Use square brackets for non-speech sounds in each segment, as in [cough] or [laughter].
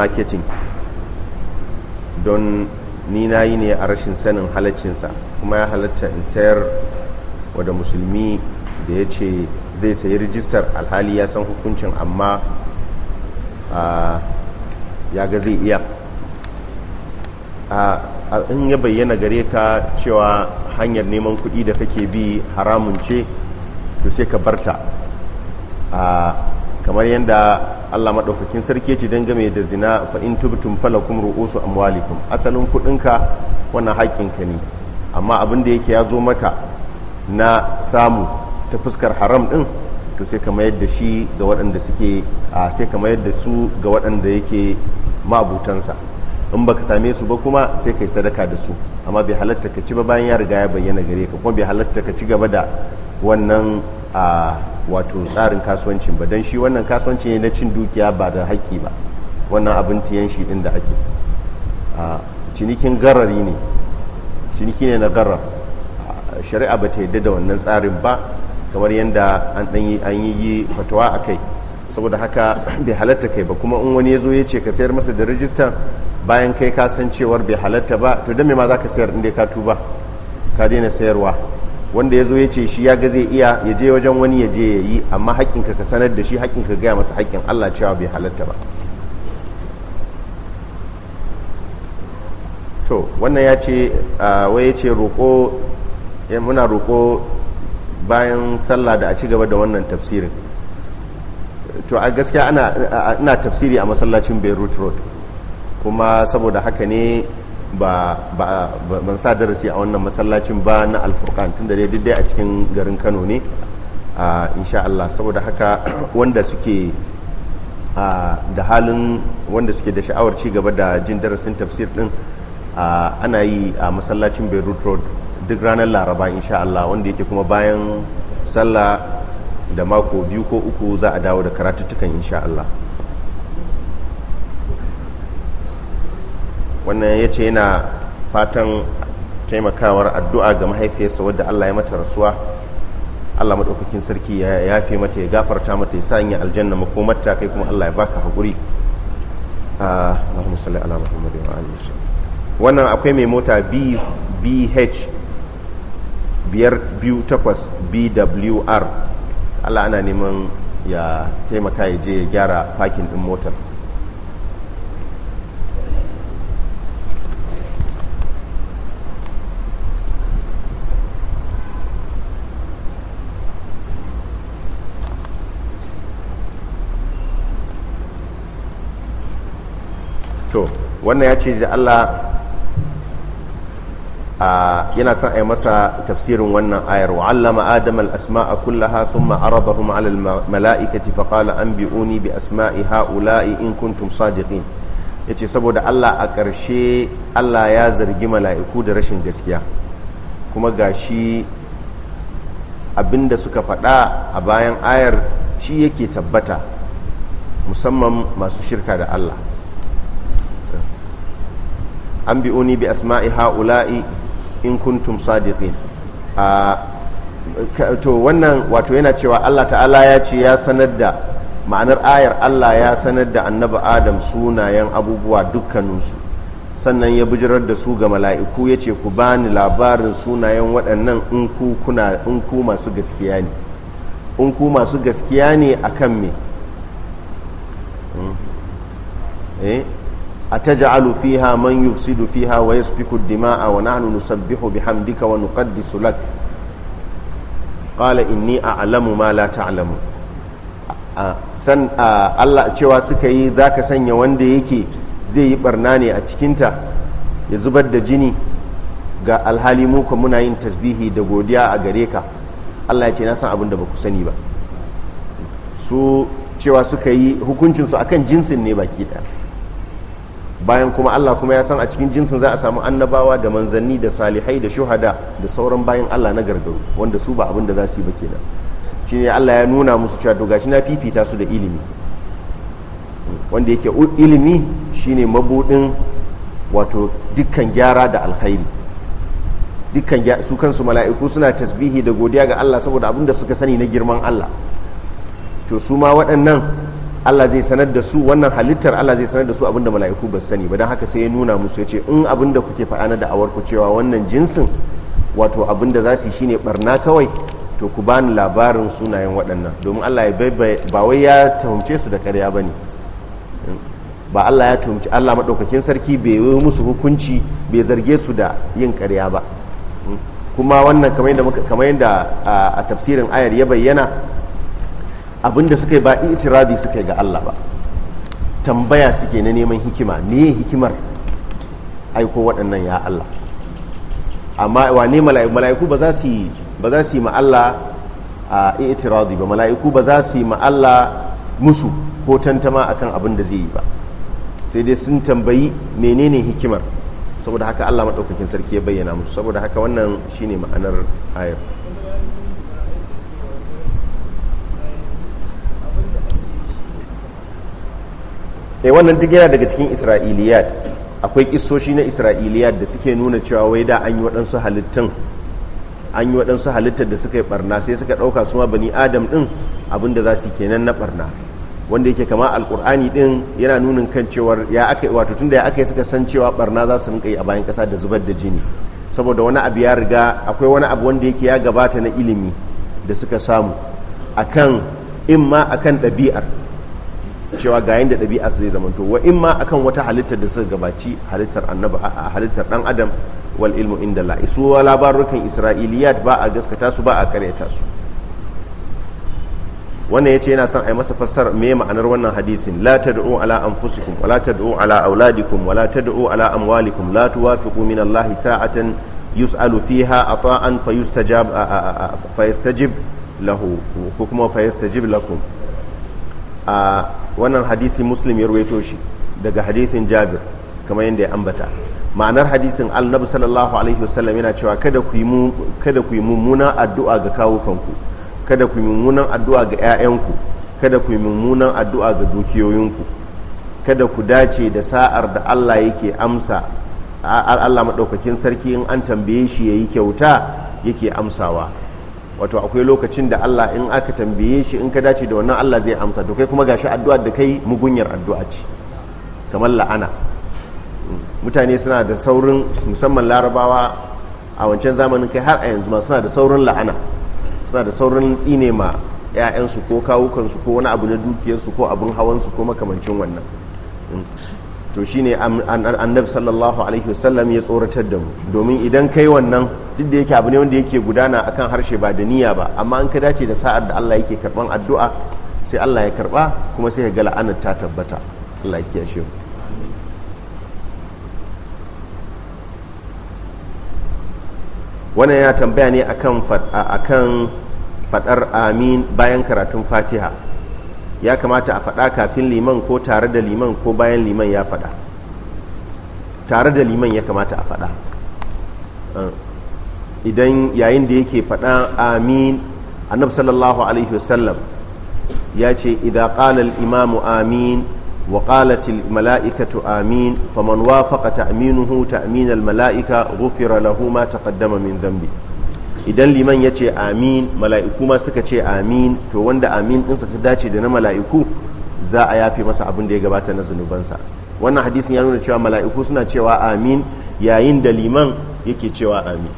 marketing don ni na yi ne a rashin sanin halaccinsa kuma ya halatta in sayar wada musulmi da ya ce zai sayi rijistar alhali ya san hukuncin amma ya ga zai iya A in ya bayyana gare ka cewa hanyar neman kuɗi da kake bi haramun ce to sai ka barta kamar yadda Allah madaukakin sarki ce dan game da zina fa in tubtum falakum ru'usu amwalikum asalin ka wannan haƙƙinka ne amma abin da yake ya zo maka na samu ta fuskar haram ɗin to sai ka mayar da shi ga waɗanda suke sai ka mayar da su ga waɗanda yake ma'abutansa in baka same su ba kuma sai kai sadaka da su amma bai halatta ka ci ba bayan ya riga ya bayyana gare ka kuma bai halatta ka ci gaba da wannan wato tsarin kasuwancin ba don shi wannan kasuwanci ne na cin dukiya ba da haƙƙi ba wannan abin tiyan shi ɗin da ake cinikin garari ne ciniki ne na garar shari'a ba ta yadda da wannan tsarin ba kamar yadda an yi fatawa a kai saboda haka [clears throat] bai halatta kai ba kuma in wani ya zo ya ce ka sayar masa da rijista bayan kai ka san kasancewar bai halatta ba to don me ma za ka sayar inda ka tuba ka daina sayarwa wanda ya zo ya ce shi ya ga zai iya ya je wajen wani ya je ya yi amma haƙƙinka ka sanar da shi haƙƙinka gaya masa haƙƙin allah cewa bai halatta ba to wannan ya ce wai ya ce roƙo eh, muna roƙo bayan sallah da a ci gaba da wannan tafsirin to a gaskiya ana tafsiri a masallacin beirut road kuma saboda haka ne ba ban sa darasi a wannan masallacin ba na alfurkan tun da dai duk dai a cikin garin kano ne insha Allah saboda haka [clears throat] wanda suke da halin wanda suke da sha'awar ci gaba da jin darasin tafsir din ana yi a masallacin beirut road duk ranar laraba insha Allah wanda yake kuma bayan sallah da mako biyu ko uku za a dawo da karatuttukan insha Allah wannan ya ce yana fatan taimakawar addu'a ga mahaifiyarsa wadda allah ya mata rasuwa allah maɗaukakin sarki ya yafe mata ya gafarta mata ya sanya aljanna makomarta kai kuma allah ya baka haƙuri ah, wannan akwai mai mota bh 528 bwr allah ana neman ya taimaka ya je ya gyara pakin ɗin motar wannan ya ce da Allah yana son a yi masa tafsirin wannan ayar wa allama adam asmaa kullaha thumma aradahum 'ala al-mala'ikati fa qala anbi'uni bi asma'i ha'ula'i in kuntum sadiqin yace saboda Allah a ƙarshe Allah ya zargi mala'iku da rashin gaskiya kuma gashi abinda suka faɗa a bayan ayar shi yake tabbata musamman masu shirka da Allah an bi asma'i ha'ula'i in kuntum sadiqin to wannan wato yana cewa Allah ta'ala ya ce ya sanar da ma'anar ayar Allah ya sanar da annabi Adam sunayen abubuwa dukkaninsu sannan ya bijirar da su ga mala'iku ya ce ku bani labarin sunayen waɗannan in ku kuna in ku masu gaskiya ne in ku masu gaskiya ne akan me أتجعل فيها من يفسد فيها ويسفك الدماء ونحن نسبح بحمدك ونقدس لك قال إني أعلم ما لا تعلم san Allah cewa suka yi za sanya wanda yake zai yi barna ne a cikinta ya zubar da jini ga alhali muka muna yin tasbihi da godiya a gare ka Allah ya ce na san abin da ba sani ba su cewa suka yi hukuncinsu akan jinsin ne baki ɗaya bayan kuma Allah kuma ya san a cikin jinsin za a samu annabawa da manzanni da salihai da shuhada da sauran bayan Allah na gargaru wanda su ba abin da za su yi ba kenan shine Allah ya nuna musu cewa to gashi na fifita su da ilimi wanda yake ilimi shine mabudin wato dukkan gyara da alkhairi dukkan su kansu mala'iku suna tasbihi da godiya ga Allah saboda abin da suka sani na girman Allah to su ma waɗannan Allah zai sanar da su wannan halittar Allah zai sanar da su abinda mala'iku ba sani ba don haka sai ya nuna musu ya ce in abinda kuke faɗa na da'awar ku cewa wannan jinsin wato abinda za su yi shine barna kawai to ku bani labarin sunayen waɗannan domin Allah ya bai ba wai ya tahumce su da ƙarya ba ne ba Allah ya tahumce Allah maɗaukakin sarki bai yi musu hukunci bai zarge su da yin ƙarya ba kuma wannan kamar yadda a tafsirin ayar ya bayyana abinda suka yi ba itirazi suka yi ga Allah ba tambaya suke na neman hikima me hikimar aiko waɗannan ya Allah amma wane mala'iku ba za su yi ba za su yi ma Allah a itirazi ba mala'iku ba za su yi ma Allah musu ko tantama akan abin da zai yi ba sai dai sun tambayi menene hikimar saboda haka Allah maɗaukakin sarki ya bayyana musu saboda haka wannan shine ma'anar ayar eh wannan duk yana daga cikin isra'iliyat akwai kisoshi na isra'iliyat da suke nuna cewa wai da an yi waɗansu halittun an yi waɗansu halittar da suka yi barna sai suka ɗauka suma bani adam ɗin abin da za su kenan na barna wanda yake kama alkur'ani ɗin yana nunin kan cewar ya aka wato tunda ya aka yi suka san cewa barna za su rinka yi a bayan ƙasa da zubar da jini saboda wani abu ya riga akwai wani abu wanda yake ya gabata na ilimi da suka samu akan imma akan ɗabi'ar cewa ga yanda ɗabi'a su zai zamanto wa in ma akan wata halittar da suka gabaci halittar annabi a halittar dan adam wal ilmu inda la isu labarukan isra'iliyat ba a gaskata su ba a karyata su wannan yace yana son a yi masa fassar me ma'anar wannan hadisin la tad'u ala anfusikum wa la tad'u ala auladikum wa la tad'u ala amwalikum la tuwafiqu min Allah sa'atan yus'alu fiha ata'an fayustajab fayastajib lahu ko kuma fayastajib lakum a wannan hadisi muslim ya ruwaito shi daga hadisin jabir kamar yadda ya ambata ma'anar hadisin annabi sallallahu alaihi wasallam yana cewa kada ku yi mummunan addu'a ga kawukanku kada ku yi mummunan addu'a ga 'ya'yanku kada ku yi mummunan addu'a ga dukiyoyinku kada ku dace da sa'ar da Allah yake amsa Allah maɗaukakin sarki in an tambaye shi ya yi kyauta yake amsawa wato akwai lokacin da Allah in aka tambaye shi in ka dace da wannan Allah zai amsa to kai kuma gashi addu'a da kai mugunyar addu'a ce kamar la'ana mutane suna da saurin musamman larabawa a wancan zamanin kai har a yanzu ma suna da saurin la'ana suna da saurin tsine ma 'ya'yansu ko kawukansu ko wani abu na dukiyarsu ko abin hawansu ko makamancin wannan to shine annabi sallallahu alaihi wasallam ya tsoratar da mu domin idan kai wannan duk da yake abu ne wanda yake gudana akan harshe ba da niyya ba amma an ka dace da sa'ar da Allah yake karban addu'a sai Allah ya karba kuma sai ya ga la'anar ta tabbata Allah ya shi wannan ya tambaya ne akan akan fadar amin bayan karatun Fatiha ya kamata a faɗa kafin liman ko tare da liman ko bayan liman ya faɗa tare da liman ya kamata a faɗa eh, idan yayin da yake faɗa amin annabi sallallahu alaihi wasallam ya ce idan qala imamu amin wa ƙalatil mala'ikatu amin faman wafaqa ta'minuhu ta aminal malaika gufira lahu ma taƙaddama min dhanbi idan liman ya ce amin mala'iku ma suka ce amin to wanda amin ɗinsa ta dace da na mala'iku za a yafe masa abin da ya gabata na zunubansa wannan hadisin ya nuna cewa mala'iku suna cewa amin yayin da liman yake cewa amin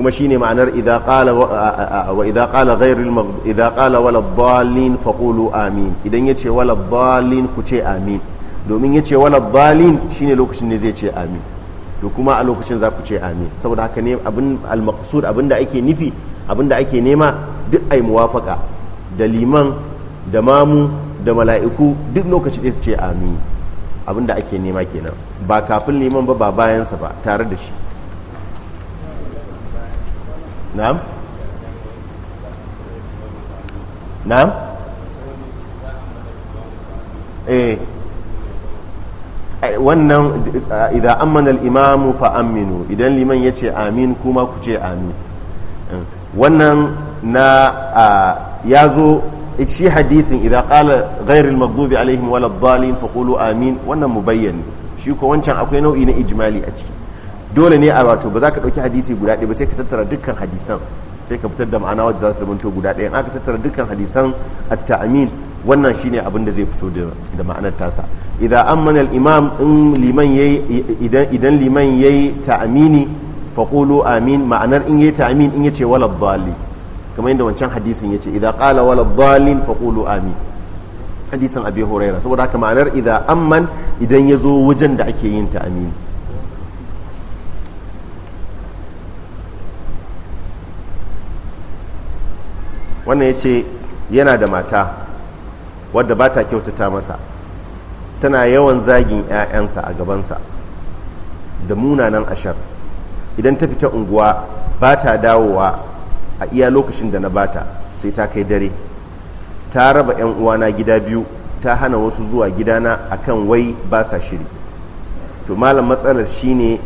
kuma shine ma'anar idan qala wa idza qala amin idan yace wala dhalin ku ce amin domin yace wala dhalin shine lokacin ne zai ce amin to kuma a lokacin za ku ce amin saboda haka ne abin al abin da ake nufi abin da ake nema duk ai muwafaka da liman da mamu da mala'iku duk lokaci ɗaya su ce amin abin da ake nema kenan ba kafin liman ba ba bayansa ba tare da shi na'am na'am eh Eh, wannan eh, idza amana al-imamu fa aminu idan liman amin kuma ku ce amin eh, wannan na zo shi hadisin idza qala ghayr al-maghdubi alaihim wala ad-dallin fa qulu amin wannan mubayyan shi ko wancan akwai nau'i na ijmali a ciki dole ne a wato ba za ka dauki hadisi guda ɗaya ba sai ka tattara dukkan hadisan sai ka fitar da ma'ana wadda za ta zama guda ɗaya in aka tattara dukkan hadisan at-ta'min wannan shine abin da zai fito da ma'anar tasa idan an mana imam in liman yayi idan idan liman yayi ta'amini fa qulu amin ma'anar in yayi ta'amin in yace wala dhalin kamar yadda wancan hadisin yace idan qala wala dhalin fa qulu amin hadisin abi huraira saboda haka ma'anar idan amman idan ya zo wajen da ake yin ta'amin wannan ya ce yana da mata wadda ba ta kyautata masa tana yawan zagin 'ya'yansa a gabansa da munanan ashar idan ta fita unguwa ba ta dawowa a iya lokacin da na ba ta sai ta kai dare ta raba 'yan uwana gida biyu ta hana wasu zuwa gidana a kan wai ba sa shiri to malam matsalar shine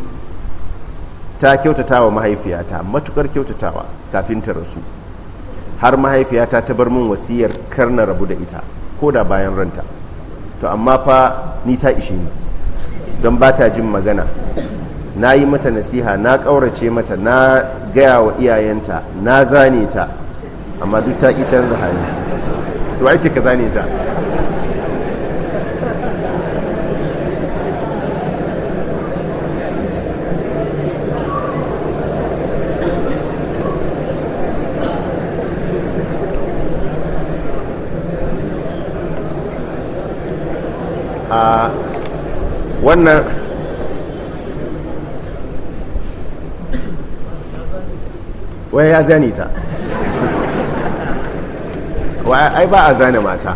ta kyautata wa mahaifiyata matukar kyautatawa kafin ta rasu har mahaifiyata ta bar min wasiyar karna rabu da ita ko da bayan ranta to amma fa ni ta ishe ni don ba ta jin magana na yi mata nasiha na ƙaurace mata na gaya wa iyayenta na zane ta amma duk ta ƙi canza hali to ai ce ka zane ta wannan waya ya zane ta ai ba a zane mata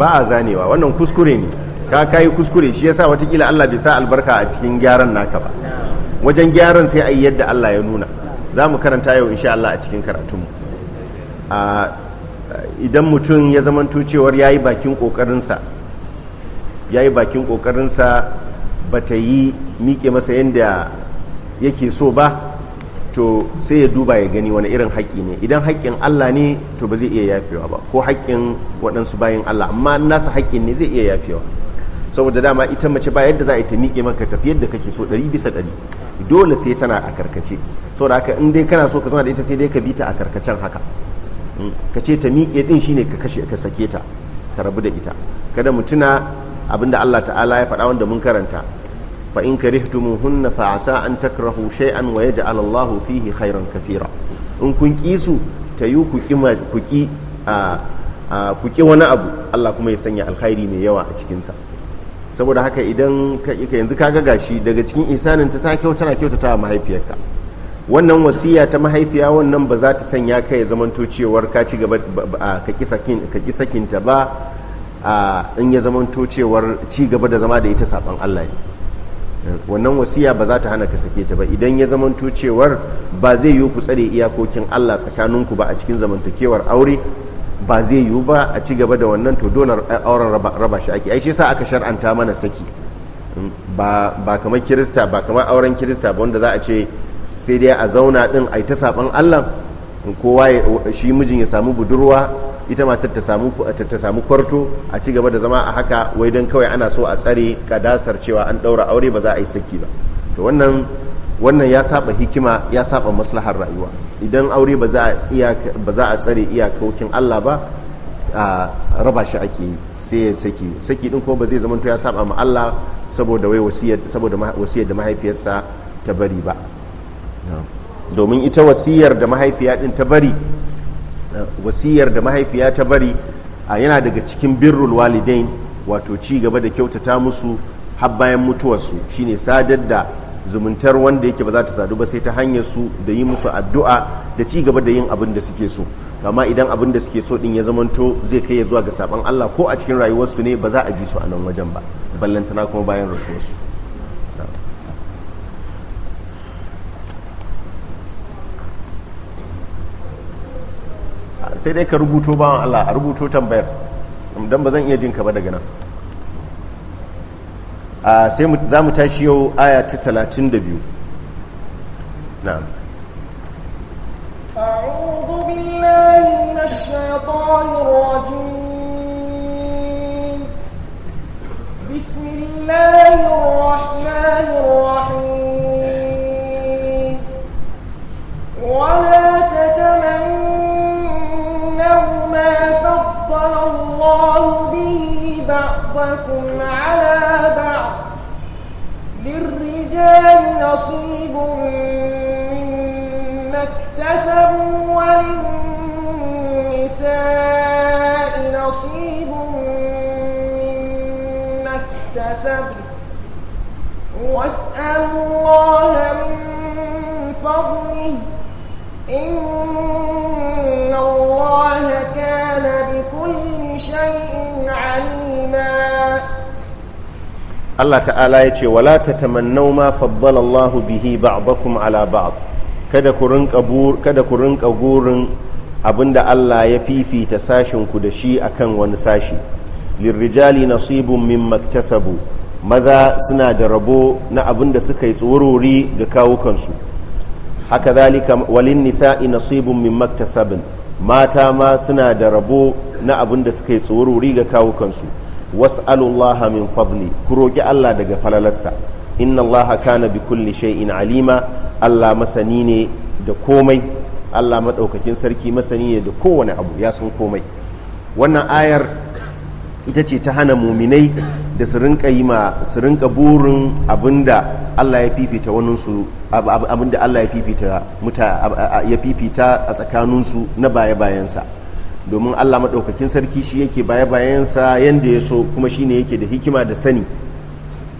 ba a zanewa wannan kuskure ne ka kayi kuskure shi yasa watakila Allah bai sa albarka a cikin gyaran naka ba wajen gyaran sai a yi yadda Allah ya nuna za mu karanta yau insha Allah a cikin karatunmu idan mutum ya zamanto cewar ya yi bakin ƙoƙarinsa ya yi bakin kokarinsa ba ta yi miƙe masa yadda yake so ba to sai ya duba ya gani wani irin haƙƙi ne idan haƙƙin Allah ne to ba zai iya yafewa ba ko haƙƙin waɗansu bayan Allah amma nasa haƙƙin ne zai iya yafewa saboda dama ita mace ba yadda za a yi ta miƙe maka tafi yadda kake so ɗari bisa ɗari dole sai tana a karkace saboda haka in dai kana so ka zama da ita sai dai ka bi ta a karkacen haka hmm. ka ce ta miƙe ɗin shine ka kashe ka sake ta ka rabu da ita kada mutuna abinda Allah ta'ala ya faɗa wanda mun karanta fa in karihtumuhunna fa asa an takrahu shay'an wa yaj'al Allahu fihi khairan kafira in kun kisu su tayu ku ki ku ki ku ki wani abu Allah kuma ya sanya alkhairi mai yawa a cikin sa saboda haka idan yanzu ka ga gashi daga cikin isanin ta ta kyauta na ta mahaifiyarka wannan wasiya ta mahaifiya wannan ba za ta sanya kai ya zamanto cewar ka ci gaba ka ki ta ba a in ya zamanto cewar ci gaba da zama da ita saban Allah ne wannan wasiya ba za ta hana ka sake ta ba idan ya zamanto cewar ba zai yiwu ku tsare iyakokin Allah tsakaninku ba a cikin zamantakewar aure ba zai yiwu ba a ci gaba da wannan to dole auren raba shi ake ai shi yasa aka shar'anta mana saki hmm, ba kamar kirista ba kamar auren kirista ba wanda za a ce sai dai a zauna din a saban Allah kowa shi mijin ya samu budurwa ita matar ta samu ta kwarto a ci gaba da zama a haka wai don kawai ana so a tsare kadasar cewa an daura aure ba za a yi saki ba to wannan wannan ya saba hikima ya saba maslahar rayuwa idan aure ba za a tsare iyakokin Allah ba a raba shi ake sai ya saki saki din ko ba zai zama ya saba ma Allah saboda wai wasiyar wasiyar da mahaifiyarsa ta bari ba domin ita wasiyar da mahaifiya din ta bari Eh, wasiyar da mahaifiya ta bari a yana daga cikin birrul walidain wato ci gaba da kyautata musu har bayan mutuwarsu shine sadar da zumuntar wanda yake ba za ta sadu ba sai ta hanyar su da yi musu addu'a da ci gaba da yin abin da suke so amma idan abin da suke so din ya zamanto zai kai ya zuwa ga saban Allah ko a cikin rayuwarsu ne ba za a bi su a nan wajen ba ballantana kuma bayan rasuwarsu sai dai ka rubuto ba Allah a rubuto tambayar don ba zan iya jin ka ba daga nan sai za mu tashi yau aya ta talatin da biyu na'am بسم الله الرحمن الرحيم للرجال نصيب مما اكتسبوا وللنساء نصيب مما اكتسبوا واسألوا الله من فضله Allah ta'ala ya ce wala ta tamannau ma faddalallahu bihi ba'dakum ala ba'd kada ku rinka kada ku rinka gurin abinda Allah ya fifita sashin ku da shi akan wani sashi lirrijali nasibun mimma iktasabu maza suna da rabo na abinda suka yi tsorori ga kawukansu haka zalika walin nisa'i nasibun min maktasabin mata ma suna da rabo na abinda suka yi tsorori ga kawukansu was'alullaha min fadli ku roki Allah daga falalarsa inna Allah kana bi kulli shay'in alima Allah masani ne da komai Allah maɗaukakin sarki masani ne da kowane abu ya san komai wannan ayar ita ce ta hana muminai da su rinka yi ma su rinka burin abinda Allah ya fifita su abinda Allah ya fifita ya fifita a tsakaninsu na baya-bayansa domin Allah maɗaukakin sarki shi yake baya bayansa yadda ya so kuma shi ne yake da hikima da sani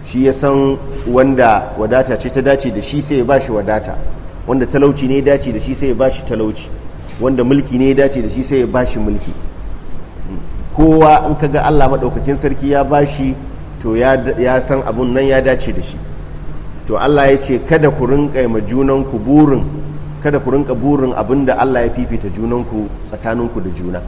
shi ya san wanda wadata ce ta dace da shi sai ya bashi wadata wanda talauci ne ya dace da shi sai ya bashi talauci wanda mulki ne ya dace da shi sai ya bashi mulki kowa in ka ga Allah maɗaukakin sarki ya bashi to ya san abun nan ya dace da shi to Allah ya ce kada ku rinƙa ma junan ku burin kada ku rinka burin abin da Allah ya fifita junanku tsakaninku da juna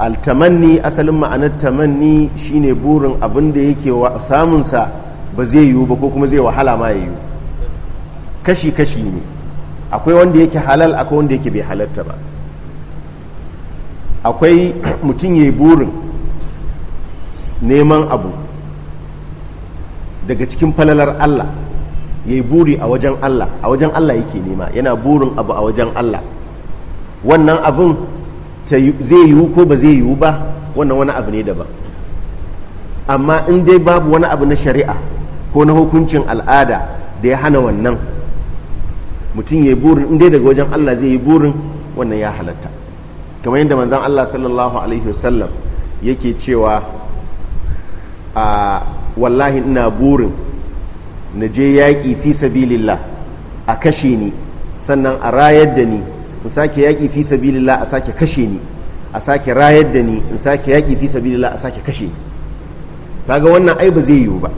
altamanni asalin ma'anar tamanni shine burin abin da yake samunsa ba zai yiwu ba ko kuma zai wahala ma ya yiwu kashi-kashi ne akwai wanda yake halal akwai wanda yake bai halatta ba akwai [clears throat] mutum ya yi burin neman abu daga cikin falalar Allah ya yi buri a wajen Allah a wajen Allah yake nema yana burin abu a wajen Allah wannan abin zai yiwu ko ba zai yiwu ba wannan wani abu ne daban amma in dai babu wani abu na shari'a ko na hukuncin al'ada da ya hana wannan mutum ya yi burin in dai daga wajen Allah zai yi burin wannan ya halatta kamar yadda manzan Allah sallallahu alaihi wasallam yake cewa a wallahi ina burin na je yaƙi fi sabilillah a kashe ni sannan a rayar da ni in sake yaƙi fi sabilillah a sake kashe ni a sake rayar da ni in sake yaƙi fi sabilillah a sake kashe ni kaga wannan ai ba zai yiwu ba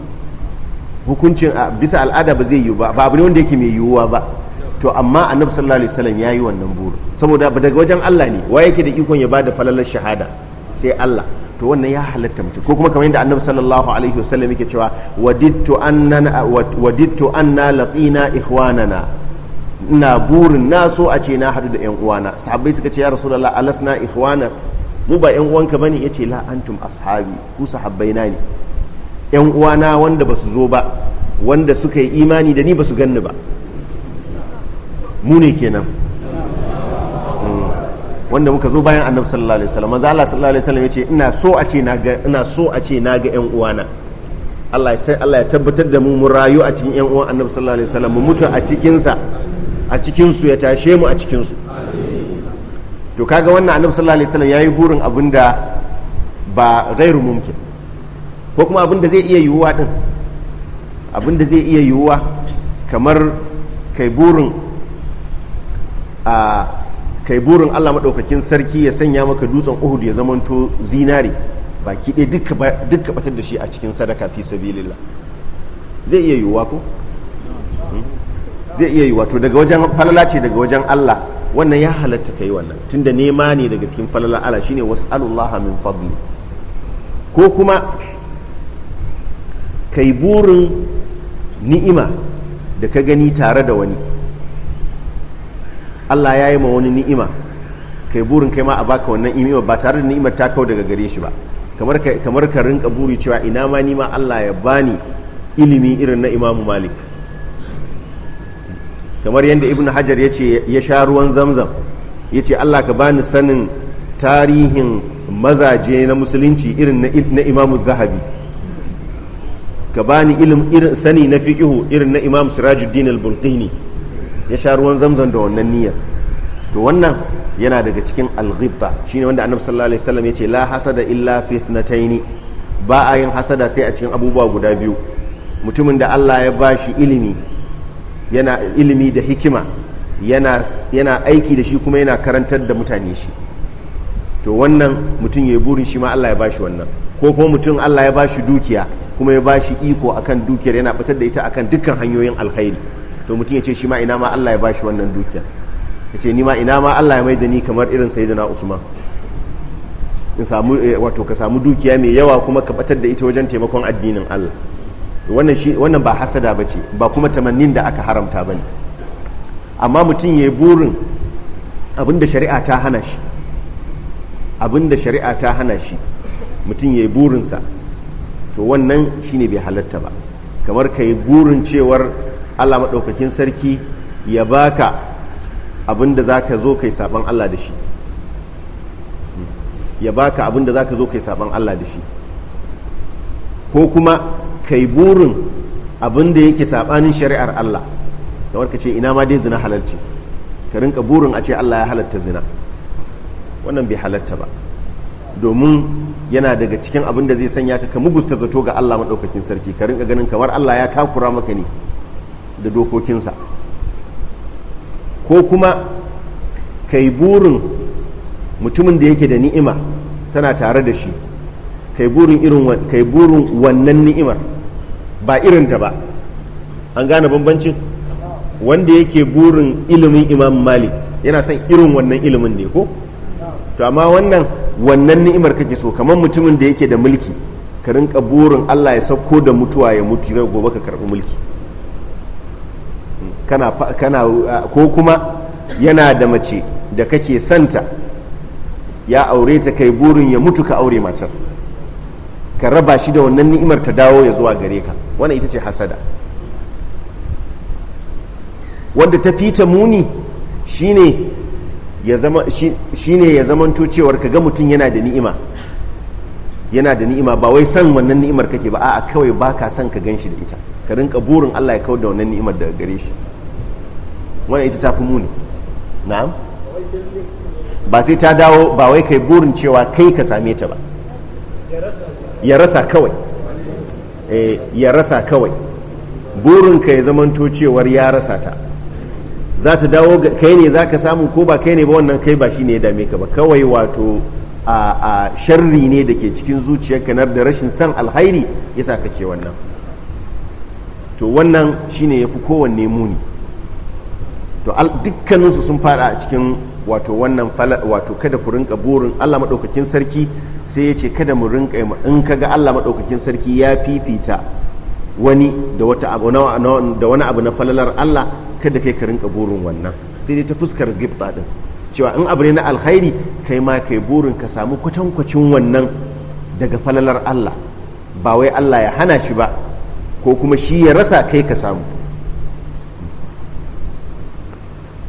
hukuncin a bisa al'ada ba zai yiwu ba ba abu ne wanda yake mai yiwuwa ba to amma annabi sallallahu alaihi wasallam yayi wannan burin saboda daga wajen Allah ne wa yake da ikon ya bada falalar shahada sai Allah to wannan ya halatta mutum ko kuma kamar yadda annabi sallallahu alaihi wasallam yake cewa wadittu annana wadittu anna laqina ikhwanana na burin na so a ce na hadu da yan uwana sahabbai suka ce ya rasulullah alasna ikhwana mu ba yan uwanka bane yace la antum ashabi ku sahabbai na ne yan uwana wanda basu zo ba wanda suka yi imani da ni basu ganni ba mu ne kenan wanda muka zo bayan annabi sallallahu alaihi wasallam manzo Allah sallallahu alaihi wasallam yace ina so a ce na ga ina so a ce na ga ƴan uwana Allah sai Allah ya tabbatar da mu mu rayu a cikin ƴan uwan annabi sallallahu alaihi wasallam mu mutu a cikin sa a cikin su ya tashe mu a cikin su to kaga wannan annabi sallallahu alaihi wasallam yayi burin abinda ba ghairu mumkin ko kuma abinda zai iya yiwuwa din abinda zai iya yiwuwa kamar kai burin a kai burin Allah maɗaukakin sarki ya sanya maka dutsen Uhud ya zamanto zinare baki ɗaya duk ka batar da shi a cikin sadaka fi sabilillah zai iya yiwuwa ko hmm? zai iya yiwuwa to daga wajen falala ce daga wajen Allah wannan ya halatta kai wannan tunda nema ne daga cikin falala Allah shine was'alullaha min fadli ko kuma kai burin ni'ima da ka gani tare da wani Allah ya yi ma wani ni'ima kai burin kai ma a baka wannan ni'ima ba tare da ni'imar ta kawo daga gare shi ba kamar ka kamar ka rinka buri cewa ina ma ni ma Allah ya bani ilimi irin na Imam Malik kamar yadda Ibn Hajar ya ce ya sha ruwan Zamzam ya ce Allah ka bani sanin tarihin mazaje na musulunci irin na Imam Zahabi ka bani ilim irin sani na fiqihu irin na imam sirajuddin al-bulqini ya sha ruwan zamzam da wannan niyyar to wannan yana daga cikin alghibta shine wanda annabi sallallahu alaihi wasallam yace la hasada illa fi ithnataini ba a yin hasada sai a cikin abubuwa guda biyu mutumin da Allah ya bashi ilimi yana ilimi da hikima yana yana aiki da shi kuma yana karantar da mutane shi to wannan mutum ya burin shi ma Allah ya bashi wannan ko kuma mutum Allah ya bashi dukiya kuma ya bashi iko akan dukiyar yana fitar da ita akan dukkan hanyoyin alkhairi to mutum ya ce shi ma ina ma Allah ya ba shi wannan dukiya ya ce ni ma ina ma Allah ya mai da ni kamar irin na Usman in samu eh, wato ka samu dukiya mai yawa kuma ka batar da ita wajen taimakon addinin Allah wannan ba wannan ba hasada ba kuma tamannin da aka haramta bane amma mutum ya yi burin abinda shari'a ta hana shi abinda shari'a ta hana shi mutum yi burinsa to wannan shine bai halatta ba kamar ka yi burin cewar allah maɗaukakin sarki ya baka abin da za ka zo kai saɓon allah da shi ya baka abin da za ka zo kai saɓon allah da shi ko kuma kai burin abin da yake saɓanin shari'ar allah kamar ka ce ina ma dai zina halarci ka rinka burin a ce allah ya halatta zina wannan bai halatta ba domin yana daga cikin abin da zai sanya ka ka mugusta zato ga allah maɗaukakin sarki ka rinka ganin kamar allah ya takura maka ne da dokokinsa ko kuma kai burin mutumin da yake da ni'ima tana tare da shi kai burin burin wannan ni'imar ba irin ta ba an gane bambancin wanda yake burin ilimin imam mali yana son irin wannan ilimin ne ko to amma wannan wannan ni'imar kake so kamar mutumin da yake da mulki ka rinka burin allah ya sauko da mutuwa ya mutu gobe ka karbi mulki kana ko kuma yana da mace da kake santa ya aure ta kai burin ya mutu ka aure matar ka raba shi da wannan ni'imar ta dawo ya zuwa gare ka wannan ita ce hasada wanda ta fita muni shine ya zama shine ya zamanto cewar ka ga mutum yana da ni'ima yana da ni'ima ba wai san wannan ni'imar kake ba a'a kawai baka san ka gan shi da ita ka rinka burin Allah ya kawo da wannan ni'imar daga gare shi wannan ita ta fi muni na'am ba sai ta dawo ba wai kai burin cewa kai ka same ta ba ya rasa kawai eh, ya rasa kawai burin ka ya zamanto cewar ya rasa ta za ta dawo kai ne za ka samu ko ba kai ne ba wannan kai ba shi ne ya dame ka ba kawai wato a sharri ne da ke cikin zuciyarka na da rashin san alhairi yasa kake wannan to wannan shine ya fi kowanne muni to dukkaninsu sun fada a cikin wato wannan wato kada ku rinka burin Allah maɗaukakin sarki sai ya ce kada mu rinka in kaga Allah maɗaukakin sarki ya fifita wani da wata abu da wani abu na falalar Allah kada kai ka rinka burin wannan sai dai ta fuskar gifta din cewa in abu ne na alkhairi kai ma kai burin ka samu kwatankwacin wannan daga falalar Allah ba wai Allah ya hana shi ba ko kuma shi ya rasa kai ka samu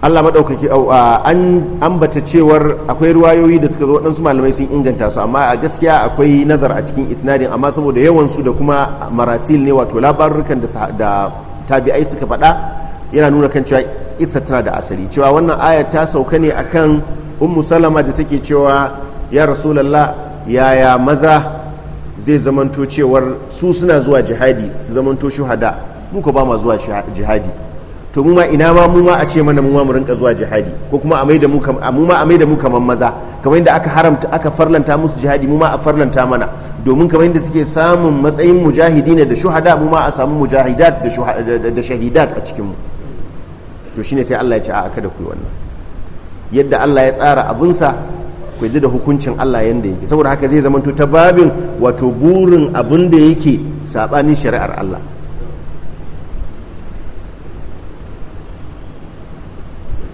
Allah maɗaukaki an ambata cewar akwai ruwayoyi da suka zo waɗansu malamai sun inganta su amma a gaskiya akwai nazar a cikin isnadin amma saboda yawan su da kuma marasil ne wato labarukan da tabi'ai suka faɗa yana nuna kan cewa isa tana da asali cewa wannan aya ta sauka ne akan ummu salama da take cewa ya rasulallah yaya maza zai zamanto cewar su suna zuwa jihadi su zamanto shuhada muka ba ma zuwa jihadi to mu ma ina ma mu ma a ce mana mu ma mu rinka zuwa jihadi ko kuma a maida mu mu ma a maida mu kaman maza kamar yadda aka haramta aka farlanta musu jihadi mu ma a farlanta mana domin kamar yadda suke samun matsayin mujahidina da shuhada mu ma a samu mujahidat da shahidat a cikin mu to shine sai Allah ya ce a kada ku wannan yadda Allah ya tsara sa ku da hukuncin Allah yanda yake saboda haka zai zamanto ta babin wato burin abin da yake sabanin shari'ar Allah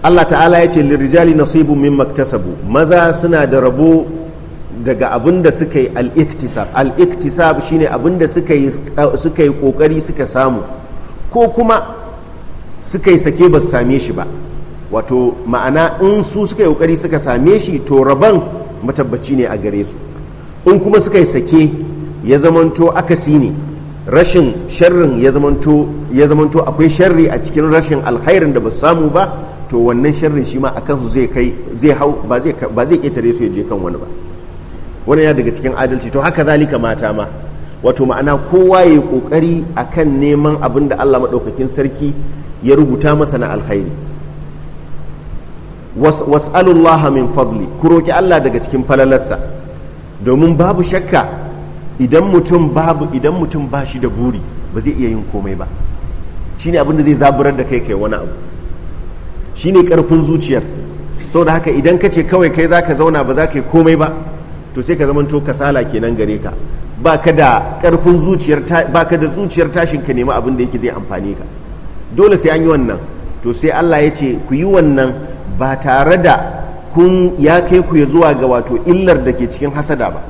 Allah ta'ala ya ce lirijali nasibu min maktasabu maza suna da rabo daga abin da suka yi al’iktisab al’iktisab shi ne abin da suka yi kokari suka samu ko kuma suka yi sake ba su same shi ba wato ma'ana in su suka yi kokari suka same shi to rabon matabbaci ne a gare su in kuma suka yi sake ya zamanto akasi ne rashin sharrin ya zamanto akwai sharri a cikin rashin alkhairin da ba su samu ba to wannan sharrin shi ma a kansu zai kai zai hau ba zai ƙetare su ya je kan wani ba wani ya daga cikin adalci to haka zalika mata ma wato ma'ana kowa ya yi ƙoƙari a kan neman abin da allah maɗaukakin sarki ya rubuta masa na alkhairi was'alullaha min fadli ku roƙi allah daga cikin falalarsa domin babu shakka idan mutum babu idan mutum ba shi da buri ba zai iya yin komai ba shine abin da zai zaburar da kai kai wani abu shi ne karfin zuciyar saboda haka idan ka ce kawai kai zaka zauna ba za ka yi komai ba to sai ka zamanto kasala kenan gare ka ba ka da karfin zuciyar ba ka da zuciyar tashin ka nemi abin da yake zai amfani ka dole sai an yi wannan to sai Allah ya ce ku yi wannan ba tare da kun ya kai ku ya zuwa ga wato illar da ke cikin hasada ba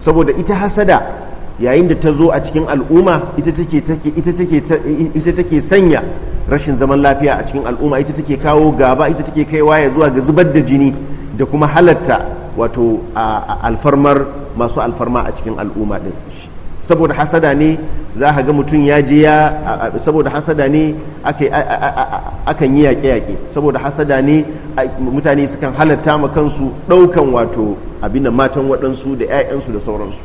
saboda ita hasada yayin da ta zo a cikin al'umma ita take sanya rashin zaman lafiya a cikin al'umma ita take kawo gaba ita take kaiwa ya zuwa ga zubar da jini da kuma halatta wato alfarmar masu alfarma a cikin al'umma din saboda hasada ne za ka ga mutum ya je ya saboda hasada ne akan yi yaƙe-yaƙe saboda hasada ne mutane sukan halatta ma kansu ɗaukan wato abin da matan waɗansu da 'ya'yansu da sauransu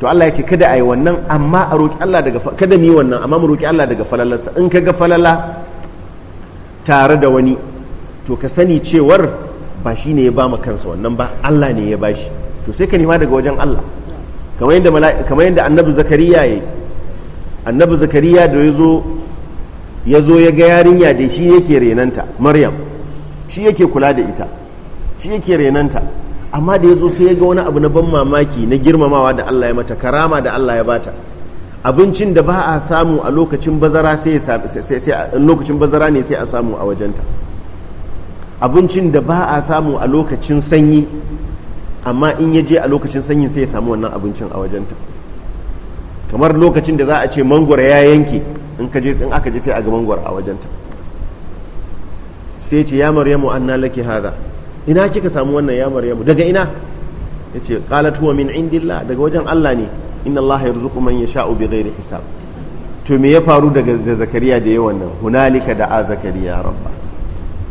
to Allah ya ce kada a yi wannan amma a roƙi Allah daga kada mu yi wannan amma mu roƙi Allah daga falalarsa in ka ga falala tare da wani to ka sani cewar ba shi ne ya ba kansa wannan ba Allah ne ya ba shi to sai ka nema daga wajen Allah kamar yadda kamar yadda annabi zakariya yayi annabi zakariya da ya zo ya zo ya ga yarinya da shi yake renanta maryam shi yake kula da ita shi yake renanta amma da ya zo sai ya ga wani abu na ban mamaki na girmamawa da Allah ya mata karama da Allah ya bata abincin da ba a samu a lokacin bazara sai lokacin bazara ne sai a samu a wajenta abincin da ba a samu a lokacin sanyi amma in ya je a lokacin sanyi sai ya samu wannan abincin a wajenta kamar lokacin da za a ce mangwara ya yanke in ka je in aka je sai a ga mangwara a wajenta sai ce ya maryamu anna laki hada ina kika samu wannan ya maryamu daga ina yace qalat huwa min indillah daga wajen Allah ne inna Allah yarzuqu man yasha'u bighairi hisab to me ya faru daga zakariya da yawan nan hunalika da'a zakariya rabba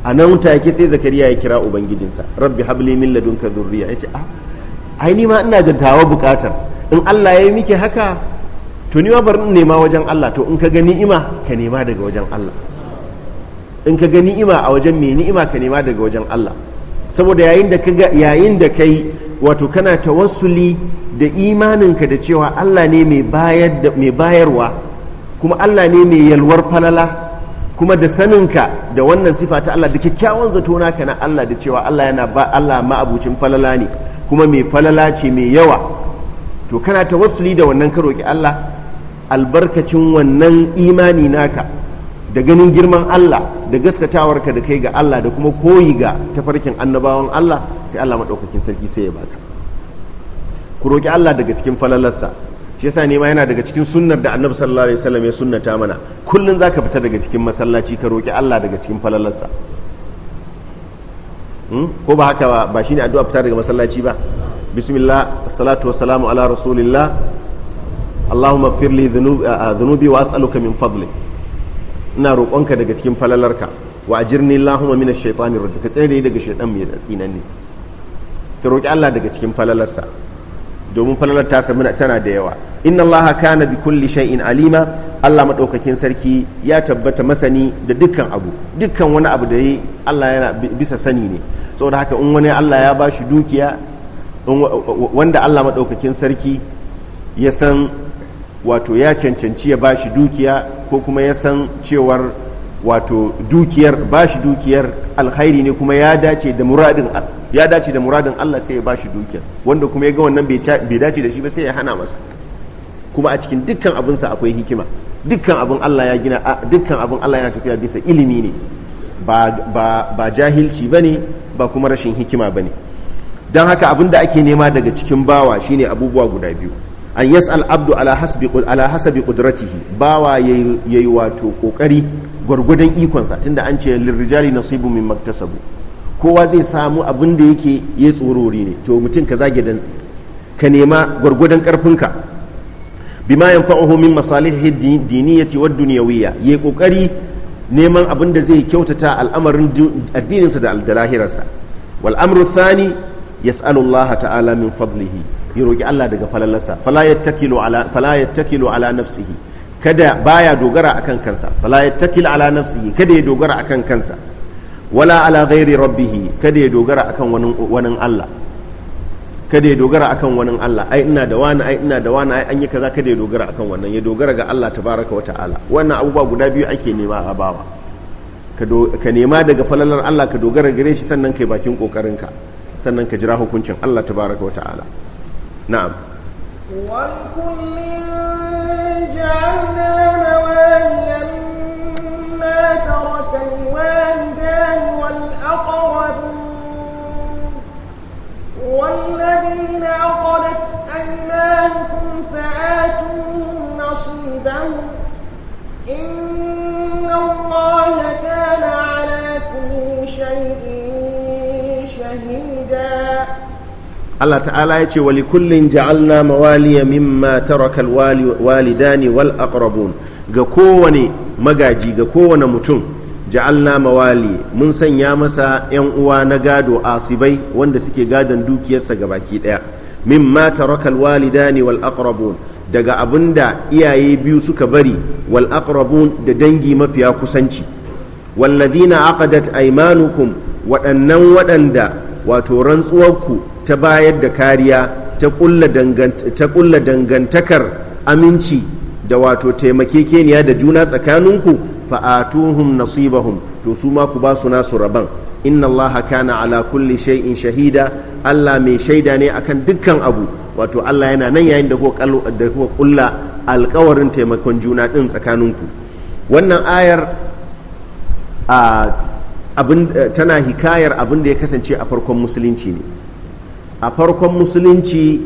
a nan take sai zakariya ya kira ubangijinsa rabbi habli min ladunka zurriya yace ah ai ni ma ina jantawa bukatar in Allah ya yi miki haka to ni ma bar nema wajen Allah to in ka ga ni'ima ka nema daga wajen Allah in ka ga ni'ima a wajen me ni'ima ka nema daga wajen Allah saboda yayin da ka yayin da kai wato kana tawassuli da imaninka da cewa Allah ne mai bayar da mai bayarwa kuma Allah ne mai yalwar falala kuma da saninka da wannan sifa ta Allah da kyakkyawan zato naka na Allah da cewa Allah yana ba Allah ma'abucin falala ne kuma mai falala ce mai yawa to kana tawassuli da wannan ka roki Allah albarkacin wannan imani naka da ganin girman Allah da gaskatawarka da kai ga Allah da kuma koyi ga tafarkin annabawan Allah sai Allah maɗaukakin sarki sai ya baka ku roƙi Allah daga cikin falalarsa shi yasa ne ma yana daga cikin sunnar da annabi sallallahu alaihi wasallam ya sunnata mana kullun zaka fita daga cikin masallaci ka roƙi Allah daga cikin falalarsa hmm? ko ba haka ba ba shine addu'a fita daga masallaci ba bismillah salatu wassalamu ala rasulillah اللهم اغفر لي ذنوبي واسالك من فضلك ina roƙonka daga cikin falalarka wa ajirni Allahumma min ash-shaytanir rajim ka tsare daga shaytan mai tsinanni ka roƙi Allah daga cikin falalarsa domin falalar ta samu tana da yawa inna Allah kana bi kulli shay'in alima Allah madaukakin sarki ya tabbata masani da dukkan abu dukkan wani abu da yi Allah yana bisa sani ne saboda haka in wani Allah ya bashi dukiya wanda Allah madaukakin sarki ya san wato ya cancanci ya bashi dukiya ko kuma ya san cewar wato dukiyar bashi dukiyar alkhairi ne kuma ya dace da muradin ya dace da muradin Allah sai ya bashi dukiyar wanda kuma ya ga wannan bai dace da shi ba sai ya hana masa kuma a cikin dukkan abinsa akwai hikima dukkan abin Allah ya gina dukkan abin Allah yana tafiya bisa ilimi ne ba ba ba jahilci bane ba kuma rashin hikima bane don haka abin da ake nema daga cikin bawa shine abubuwa guda biyu an yas'al abdu ala hasbi ala hasabi qudratihi bawa yayi wato kokari gwargwadon ikonsa tunda an ce lirijali nasibu min maktasabu kowa zai samu abin da yake ya tsorori ne to mutum ka zage dantsi ka nema gwargwadon karfinka bima yanfa'uhu min masalihi diniyati wad ya yi kokari neman abin da zai kyautata al'amarin addininsa da lahirarsa wal amru thani yas'alullaha ta'ala min fadlihi ya roki Allah daga falalarsa fala yattakilu ala fala ala nafsihi kada baya dogara akan kansa fala yattakil ala nafsihi kada ya dogara akan kansa wala ala ghairi rabbih kada ya dogara akan wani wani Allah kada ya dogara akan wani Allah ai ina da wani ai ina da wani ai an yi kaza kada ya dogara akan wannan ya dogara ga Allah tabaraka wa ta'ala wannan abubuwa guda biyu ake nema a bawa ka nema daga falalar Allah ka dogara gare shi sannan kai bakin kokarinka sannan ka jira hukuncin Allah tabaraka wa ta'ala نعم ولكل جعلنا مواليا مما ترك الوالدان والأقربون والذين عقدت أيمانكم فآتوا نصيبهم إن الله Allah ta'ala ya ce wali kullin ja'alna mawaliya mimma taraka walidani wal aqrabun ga kowane magaji ga kowane mutum ja'alna mawali mun sanya masa yan uwa na gado asibai wanda suke gadon dukiyarsa ga baki daya mimma taraka walidani wal aqrabun daga abinda iyaye biyu suka bari wal aqrabun da dangi mafiya kusanci wallazina aqadat aymanukum waɗannan waɗanda wato rantsuwarku ta bayar da kariya ta kulla dangantakar aminci da wato taimakekeniya da juna tsakaninku fa'atuhum nasibahum to su ma ku ba su nasu rabon inna Allah kana ala kulli shay'in shahida Allah mai shaida ne akan dukkan abu wato Allah yana nan yayin da kuka kulla alkawarin taimakon juna din tsakaninku wannan ayar tana hikayar abin da ya kasance a farkon musulunci ne a farkon musulunci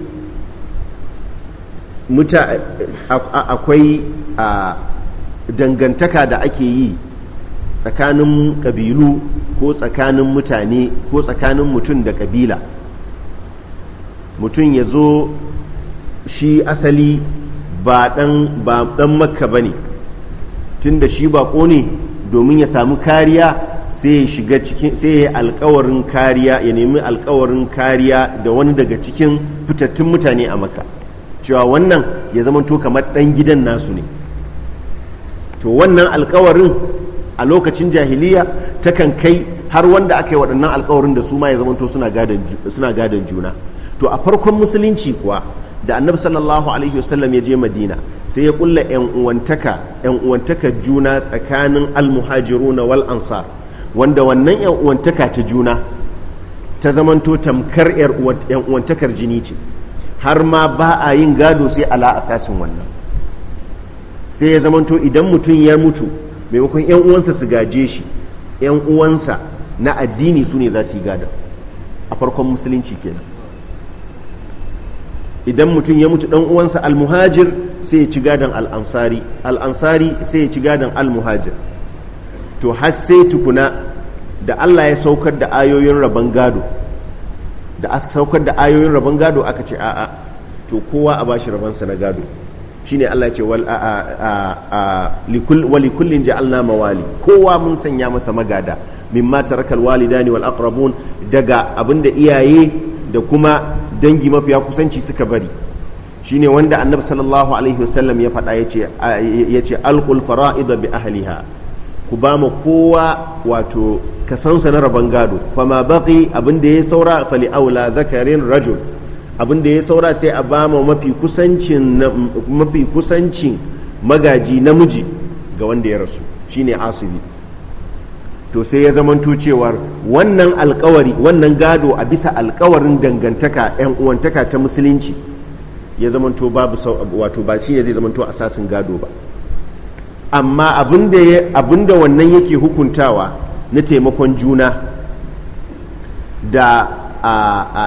akwai dangantaka da ake yi tsakanin ƙabilu ko tsakanin mutane ko tsakanin mutum da ƙabila mutum ya zo shi asali ba dan makka ba ne tun da shi ba ne domin ya samu kariya sai ya shiga cikin sai ya alkawarin kariya ya nemi alkawarin kariya da wani daga cikin fitattun mutane a maka cewa wannan ya zamanto kamar ɗan gidan nasu ne to wannan alkawarin a lokacin jahiliya takan kai har wanda aka yi waɗannan alkawarin da su ma ya zamanto suna gadon juna to a farkon musulunci kuwa da annabi sallallahu alaihi wasallam ya je madina sai ya kulla yan uwantaka yan uwantaka juna tsakanin almuhajiruna wal ansar wanda wannan yan uwantaka ta juna ta zamanto tamkar yan uwantakar jini ce har ma ba a yin gado sai ala asasin wannan sai ya zamanto idan mutum ya mutu maimakon yan uwansa su gaje shi yan uwansa na addini su ne za su yi gada a farkon musulunci kenan idan mutum ya mutu dan uwansa almuhajir sai ya ci gadon al'ansari al'ansari sai ya ci gadon almuhajir to har sai tukuna da Allah ya saukar da ayoyin rabon gado da aka saukar da ayoyin rabon gado aka ce a'a to kowa a bashi rabonsa na gado shine Allah ya ce wal a a wali kullin ja'alna mawali kowa mun sanya masa magada mimma tarakal walidani wal aqrabun daga abinda iyaye da kuma dangi mafiya kusanci suka bari shine wanda annabi sallallahu alaihi wasallam ya faɗa ya ce alqul fara'id bi ahliha ku ba mu kowa wato kasansa na rabon gado fa ma baki abin da ya saura fali aula zakarin rajul abin da ya saura sai a ba mu mafi kusancin magaji namiji ga wanda ya rasu shine asibi to sai ya zamanto cewa wannan alkawari wannan gado a bisa alkawarin dangantaka yan uwantaka ta musulunci ya zamanto babu wato ba shi ne zai zamanto asasin gado ba amma da wannan yake hukuntawa na taimakon juna da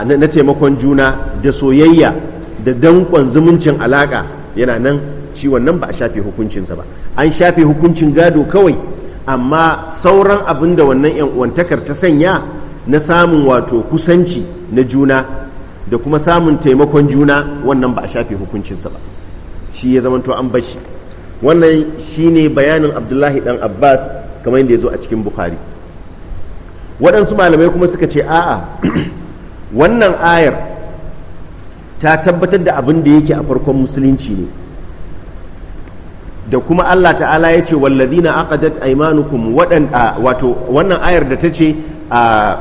na juna da soyayya da danƙon zumuncin alaƙa yana nan shi wannan ba a shafe hukuncinsa ba an shafe hukuncin gado kawai amma sauran abin da wannan 'yan uwantakar ta sanya na samun wato kusanci na juna da kuma samun taimakon juna wannan ba a shafe hukuncinsa ba shi ya zama zamanto an bashi wannan shine bayanin abdullahi dan abbas kamar yadda ya zo a cikin bukhari waɗansu malamai kuma suka ce a'a [clears throat] wannan ayar ta tabbatar da abin da yake a farkon musulunci ne da kuma allah ta'ala ya ce na aqadat aymanukum waɗanda wato wannan ayar da ta ce a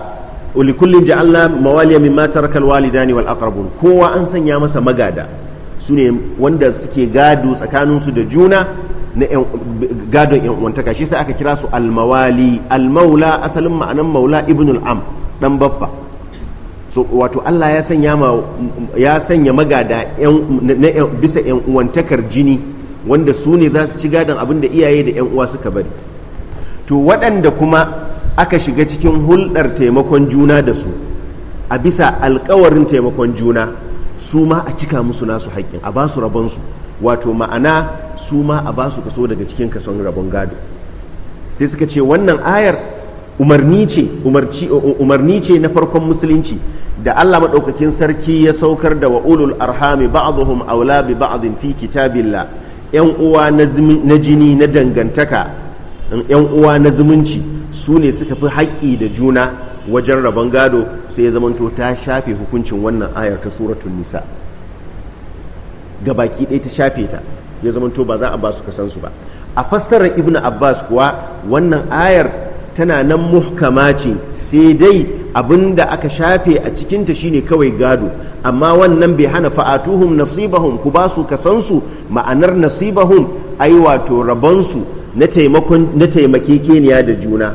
ulikullin ja'alna mawaliya min matar kalwali wal aqrabun kowa an sanya masa magada su ne wanda suke gado tsakaninsu da juna na gadon yan uwantaka shi sai aka kira su almawali almaula asalin ma'anan maula ibn al'am dan baffa so wato Allah ya sanya ma ya sanya magada na bisa yan uwantakar jini wanda su ne za su ci gadon abin da iyaye da yan uwa suka bari to waɗanda kuma aka shiga cikin hulɗar taimakon juna da su a bisa alkawarin taimakon juna su ma a cika musu nasu haƙƙin a ba rabonsu wato ma'ana su ma a basu su kaso daga cikin kason rabon gado sai suka ce wannan ayar umarni ce umarni ce na farkon musulunci da Allah maɗaukakin sarki ya saukar da wa ulul arhami ba'dhum aula bi ba'dhin fi kitabillah yan uwa na jini na dangantaka yan uwa na zumunci su ne suka fi haƙƙi da juna wajen rabon gado sai ya zamanto ta shafe hukuncin wannan ayar ta suratun nisa ga baki ɗaya ta shafe ta ya zamanto ba za a ba su kasansu ba a fassarar ibnu abbas kuwa wannan ayar tana nan muhkama ce sai dai abin da aka shafe a cikinta shine kawai gado amma wannan bai hana fa'atuhum nasibahum ku ba su kasansu ma'anar nasibahum ai wato rabonsu na na taimakekeniya da juna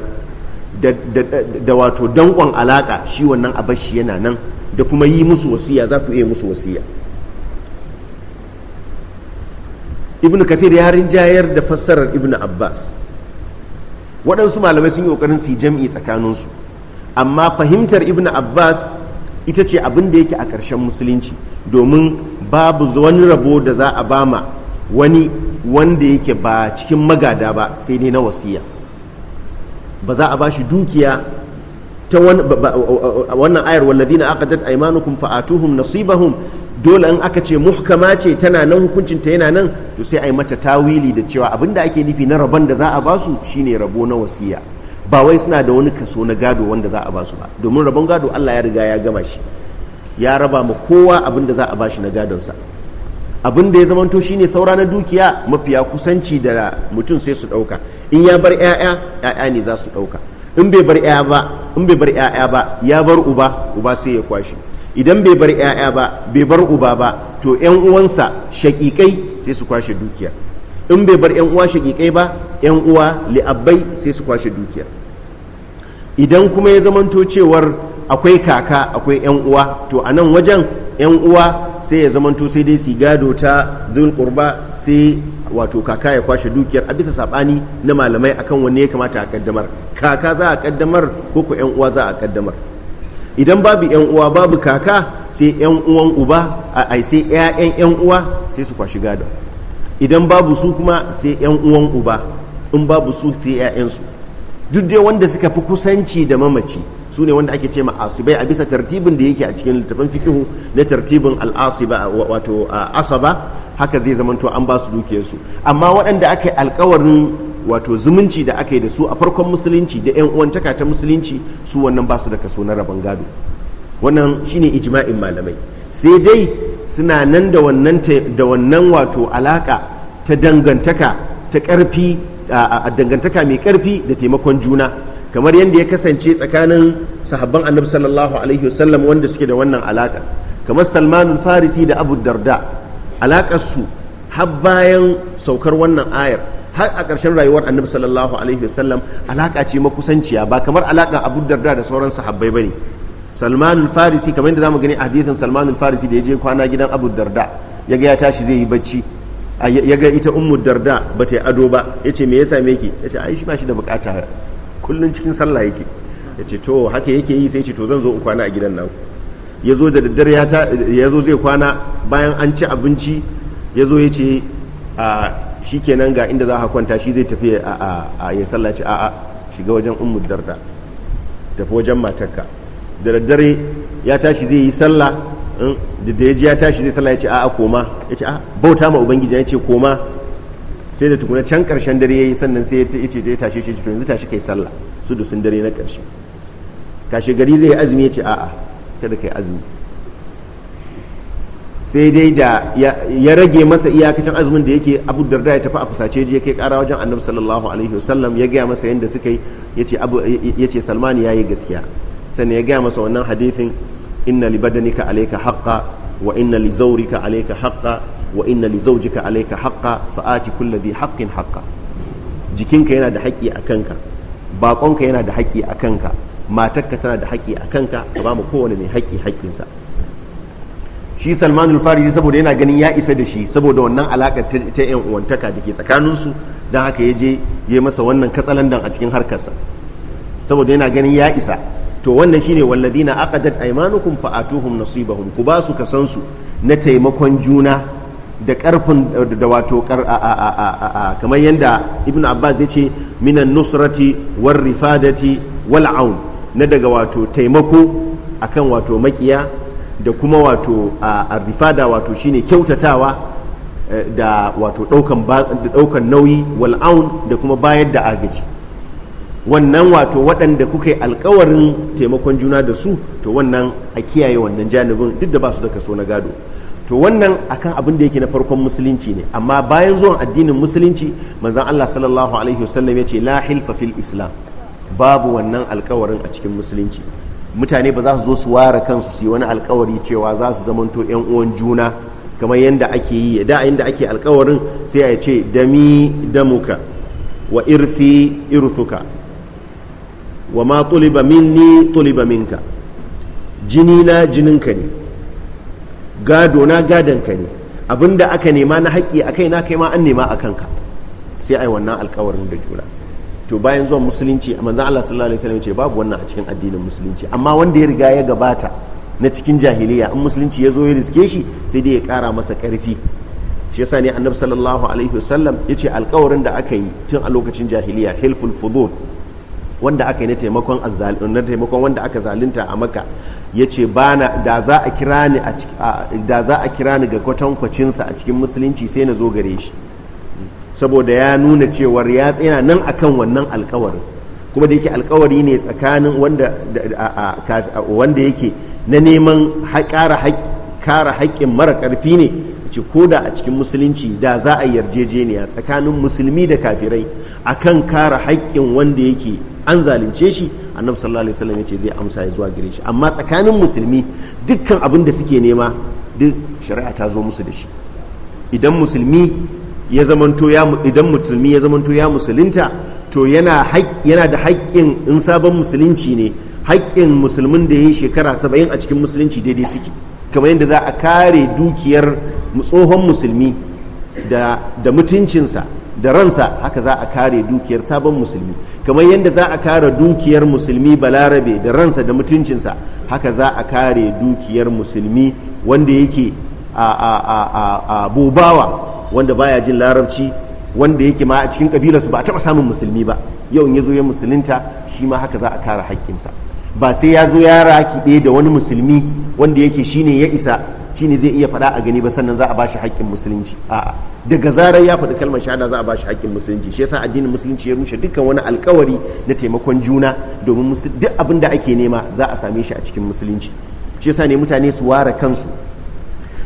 da wato danƙon alaƙa shi wannan abashi yana nan da kuma yi musu wasiya za ku iya musu wasiya ibn kathir ya rinjayar da fassarar ibn abbas waɗansu malamai sun yi ƙoƙarin su jam'i tsakaninsu amma fahimtar ibn abbas ita ce abin da yake a ƙarshen musulunci domin babu wani rabo da za a bama wani wanda yake ba cikin magada ba sai dai na wasiya ba za a ba shi dukiya ta wannan ayar aka aqadat aymanukum fa'atuhum nasibahum dole in aka ce muhkama ce tana nan hukuncinta yana nan to sai a yi mata tawili da cewa abinda ake nufi na rabon da za a ba basu shine rabo na wasiya ba wai suna da wani kaso na gado wanda za a ba su ba domin rabon gado Allah ya riga ya gama shi ya raba ma kowa abin da za a ba shi na gadonsa abin da ya zamanto shine saura na dukiya mafiya kusanci da mutum sai su ɗauka in ya bar 'ya'ya 'ya'ya ne za su ɗauka in bai bar 'ya'ya ba in bai bar 'ya'ya ba ya bar uba uba sai ya kwashi idan bai bar 'ya'ya ba bai bar uba ba to 'yan uwansa shaƙiƙai sai su kwashe dukiya in bai bar 'yan uwa shaƙiƙai ba 'yan uwa li'abbai sai su kwashe dukiya idan kuma ya zamanto cewar akwai kaka akwai 'yan uwa to a nan wajen yan uwa sai ya zamanto sai dai su gado ta zul qurba sai wato kaka ya kwashe dukiyar a bisa sabani na malamai akan wanne ya kamata a kaddamar kaka za a kaddamar ko ko yan uwa za a kaddamar idan babu yan uwa babu kaka sai yan uwan uba a ai sai ƴaƴan yan uwa sai su kwashi gado idan babu su kuma sai yan uwan uba in babu su sai su duk dai wanda suka fi kusanci da mamaci su ne wanda ake ce ma asibai a bisa tartibin da yake a cikin littafin fikihu na tartibin al'asiba wato asaba haka zai zama zamanto an ba su dukiyarsu amma waɗanda aka yi alkawarin wato zumunci da aka yi da su a farkon musulunci da yan uwan taka ta musulunci su wannan ba su da kaso na rabon gado wannan shine ijma'in malamai sai dai suna nan da wannan da wannan wato alaka ta dangantaka ta karfi a dangantaka mai karfi da taimakon juna kamar yadda ya kasance tsakanin sahabban annabi sallallahu alaihi wasallam wanda suke da wannan alaka kamar salmanul farisi da abu darda alakar su har bayan saukar wannan ayar har a ƙarshen rayuwar annabi sallallahu alaihi wasallam alaka ce makusanciya ba kamar alaka abu darda da sauran sahabbai bane salmanul farisi kamar yadda zamu gani a hadisin salmanul farisi da ya je kwana gidan abu darda ya ya tashi zai yi bacci ya ga ita ummu darda ba ta yi ado ba yace ce me yasa me yake ya ce shi ba shi da bukata kullum cikin sallah yake ya ce to haka yake yi sai ce to zan zo in kwana a gidan naku ya zo da daddare ya zo zai kwana bayan an ci abinci ya zo ya ce a shi kenan ga inda za a kwanta shi zai tafi a ya sallaci a shiga wajen ummu darda tafi wajen matarka da daddare ya tashi zai yi sallah da ya ji ya tashi zai sallah ya ce a'a koma ya ce a bauta ma ubangiji ya ce koma sai da tukuna can karshen dare ya yi sannan sai ya ce ya tashe shi to yanzu tashi kai sallah su da sun dare na karshe kashe gari zai azumi ya ce a'a kada yi azumi sai dai da ya rage masa iyakacin azumin da yake abu darda ya tafi a fusace ya kai kara wajen annabi sallallahu alaihi wasallam ya gaya masa yadda suka yi ya ce salman ya yi gaskiya sannan ya gaya masa wannan hadithin inna li badanika alayka haqqa wa inna li zawrika alayka haqqa wa inna li zawjika alayka haqqa fa ati kulli dhi haqqin haqqa jikinka yana da haƙƙi a kanka baƙonka yana da haƙƙi a kanka matarka tana da haƙƙi a kanka ka ba mu kowane mai haƙƙi haƙƙinsa shi salmanul farisi saboda yana ganin ya isa da shi saboda wannan alaƙar ta yan uwantaka da ke tsakaninsu don haka ya je ya masa wannan katsalandan a cikin harkarsa saboda yana ganin ya isa to wannan shine na aqadat aymanukum fa'atuhum nasibahum ku ba su kasan su na taimakon juna da karfin da wato kamar yadda ibnu abbas ya ce minan nusrati war rifadati wal aun na daga wato taimako akan wato makiya da kuma wato a rifada wato shine kyautatawa eh, da wato daukan nauyi wal'aun da kuma bayar da agaji wannan wato waɗanda kuka yi alkawarin taimakon juna da su to wannan a kiyaye wannan janibin duk da ba su da kaso na gado to wannan akan abin da yake na farkon musulunci ne amma bayan zuwan addinin musulunci manzon Allah sallallahu alaihi wasallam ya ce la hilfa fil islam babu wannan alkawarin a cikin musulunci mutane ba za su zo su ware kansu su yi wani alkawari cewa za su zamanto yan uwan juna kamar yadda ake yi da inda ake alkawarin sai a ce dami damuka wa irfi irthuka wa ma tuliba minni tuliba minka jini na jininka ne gado na gadonka ne abinda aka nema na haƙƙi a kai na kai ma an nema a kanka sai a yi wannan alkawarin da juna to bayan zuwan musulunci manzan Allah sallallahu alaihi wasallam ce babu wannan a cikin addinin musulunci amma wanda ya riga ya gabata na cikin jahiliya in musulunci ya zo ya riske shi sai dai ya kara masa karfi shi yasa ne annabi sallallahu alaihi wasallam yace alƙawarin da aka yi tun a lokacin jahiliya hilful fudur wanda aka yi na taimakon na taimakon wanda aka zalunta a maka yace bana da za a kira ni ga kwatankwacinsa a cikin musulunci sai na zo gare shi saboda ya nuna cewar ya tsina nan akan wannan alkawarin kuma da yake alkawari ne tsakanin wanda wanda yake na neman kara haƙƙin mara ƙarfi ne ce ko da a cikin musulunci da za a yarjejeniya tsakanin musulmi da kafirai akan kara haƙƙin wanda yake an zalunce shi annabi sallallahu alaihi wasallam yace zai amsa ya zuwa gare shi amma tsakanin musulmi dukkan abin da suke nema duk shari'a ta zo musu da shi idan musulmi ya zamanto ya idan musulmi ya zamanto ya musulunta to yana da haƙƙin in sabon musulunci ne haƙƙin musulmin da ya yi shekara saba'in a cikin musulunci daidai suke kamar yadda za a kare dukiyar tsohon musulmi da, da mutuncinsa da ransa haka za a kare dukiyar sabon musulmi kamar yadda za a kare dukiyar musulmi balarabe da ransa da mutuncinsa haka za a kare dukiyar musulmi wanda yake a, a, bobawa wanda baya jin larabci wanda yake ma a cikin kabilarsu ba a taɓa samun musulmi ba yau in ya zo ya musulunta shi ma haka za a kare haƙƙinsa ba sai ya zo ya ɗaya da wani musulmi wanda yake shine ya isa shine zai iya faɗa a gani ba sannan za a bashi haƙƙin musulunci a'a daga zarar ya faɗi kalmar shahada za a bashi haƙƙin musulunci shi yasa addinin musulunci ya rushe dukkan wani alkawari na taimakon juna domin duk abin da ake nema za a same shi a cikin musulunci shi yasa ne mutane su ware kansu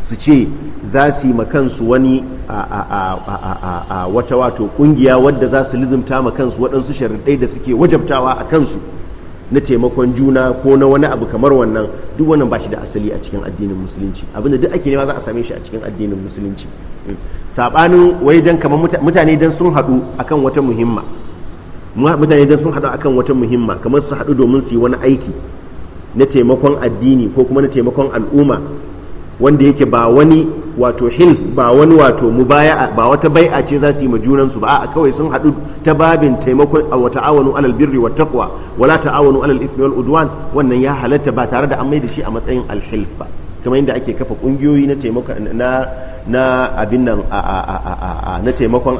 su ce za su yi kansu wani a wata wato kungiya wadda za su lizimta kansu waɗansu sharaɗai da suke wajabtawa a kansu na taimakon juna ko na wani abu kamar wannan duk wannan ba shi da asali a cikin addinin musulunci abinda duk ake nema za a same shi a cikin addinin musulunci mm. saɓanin wai dan kamar mutane dan sun haɗu akan wata muhimma mutane dan sun haɗu akan wata muhimma kamar su haɗu domin su yi wani aiki na taimakon addini ko kuma na taimakon al'umma wanda yake ba wani wato hilf ba wani wato mubaya'a ba wata bai'a ce za su yi ma su ba a kawai sun haɗu ta babin taimakon wata awanu alal birri wa taqwa wala ta'awanu alal ithmi wal udwan wannan ya halatta ba tare da an mai da shi a matsayin alhilf ba kamar yadda ake kafa kungiyoyi na taimakon na na abin nan na taimakon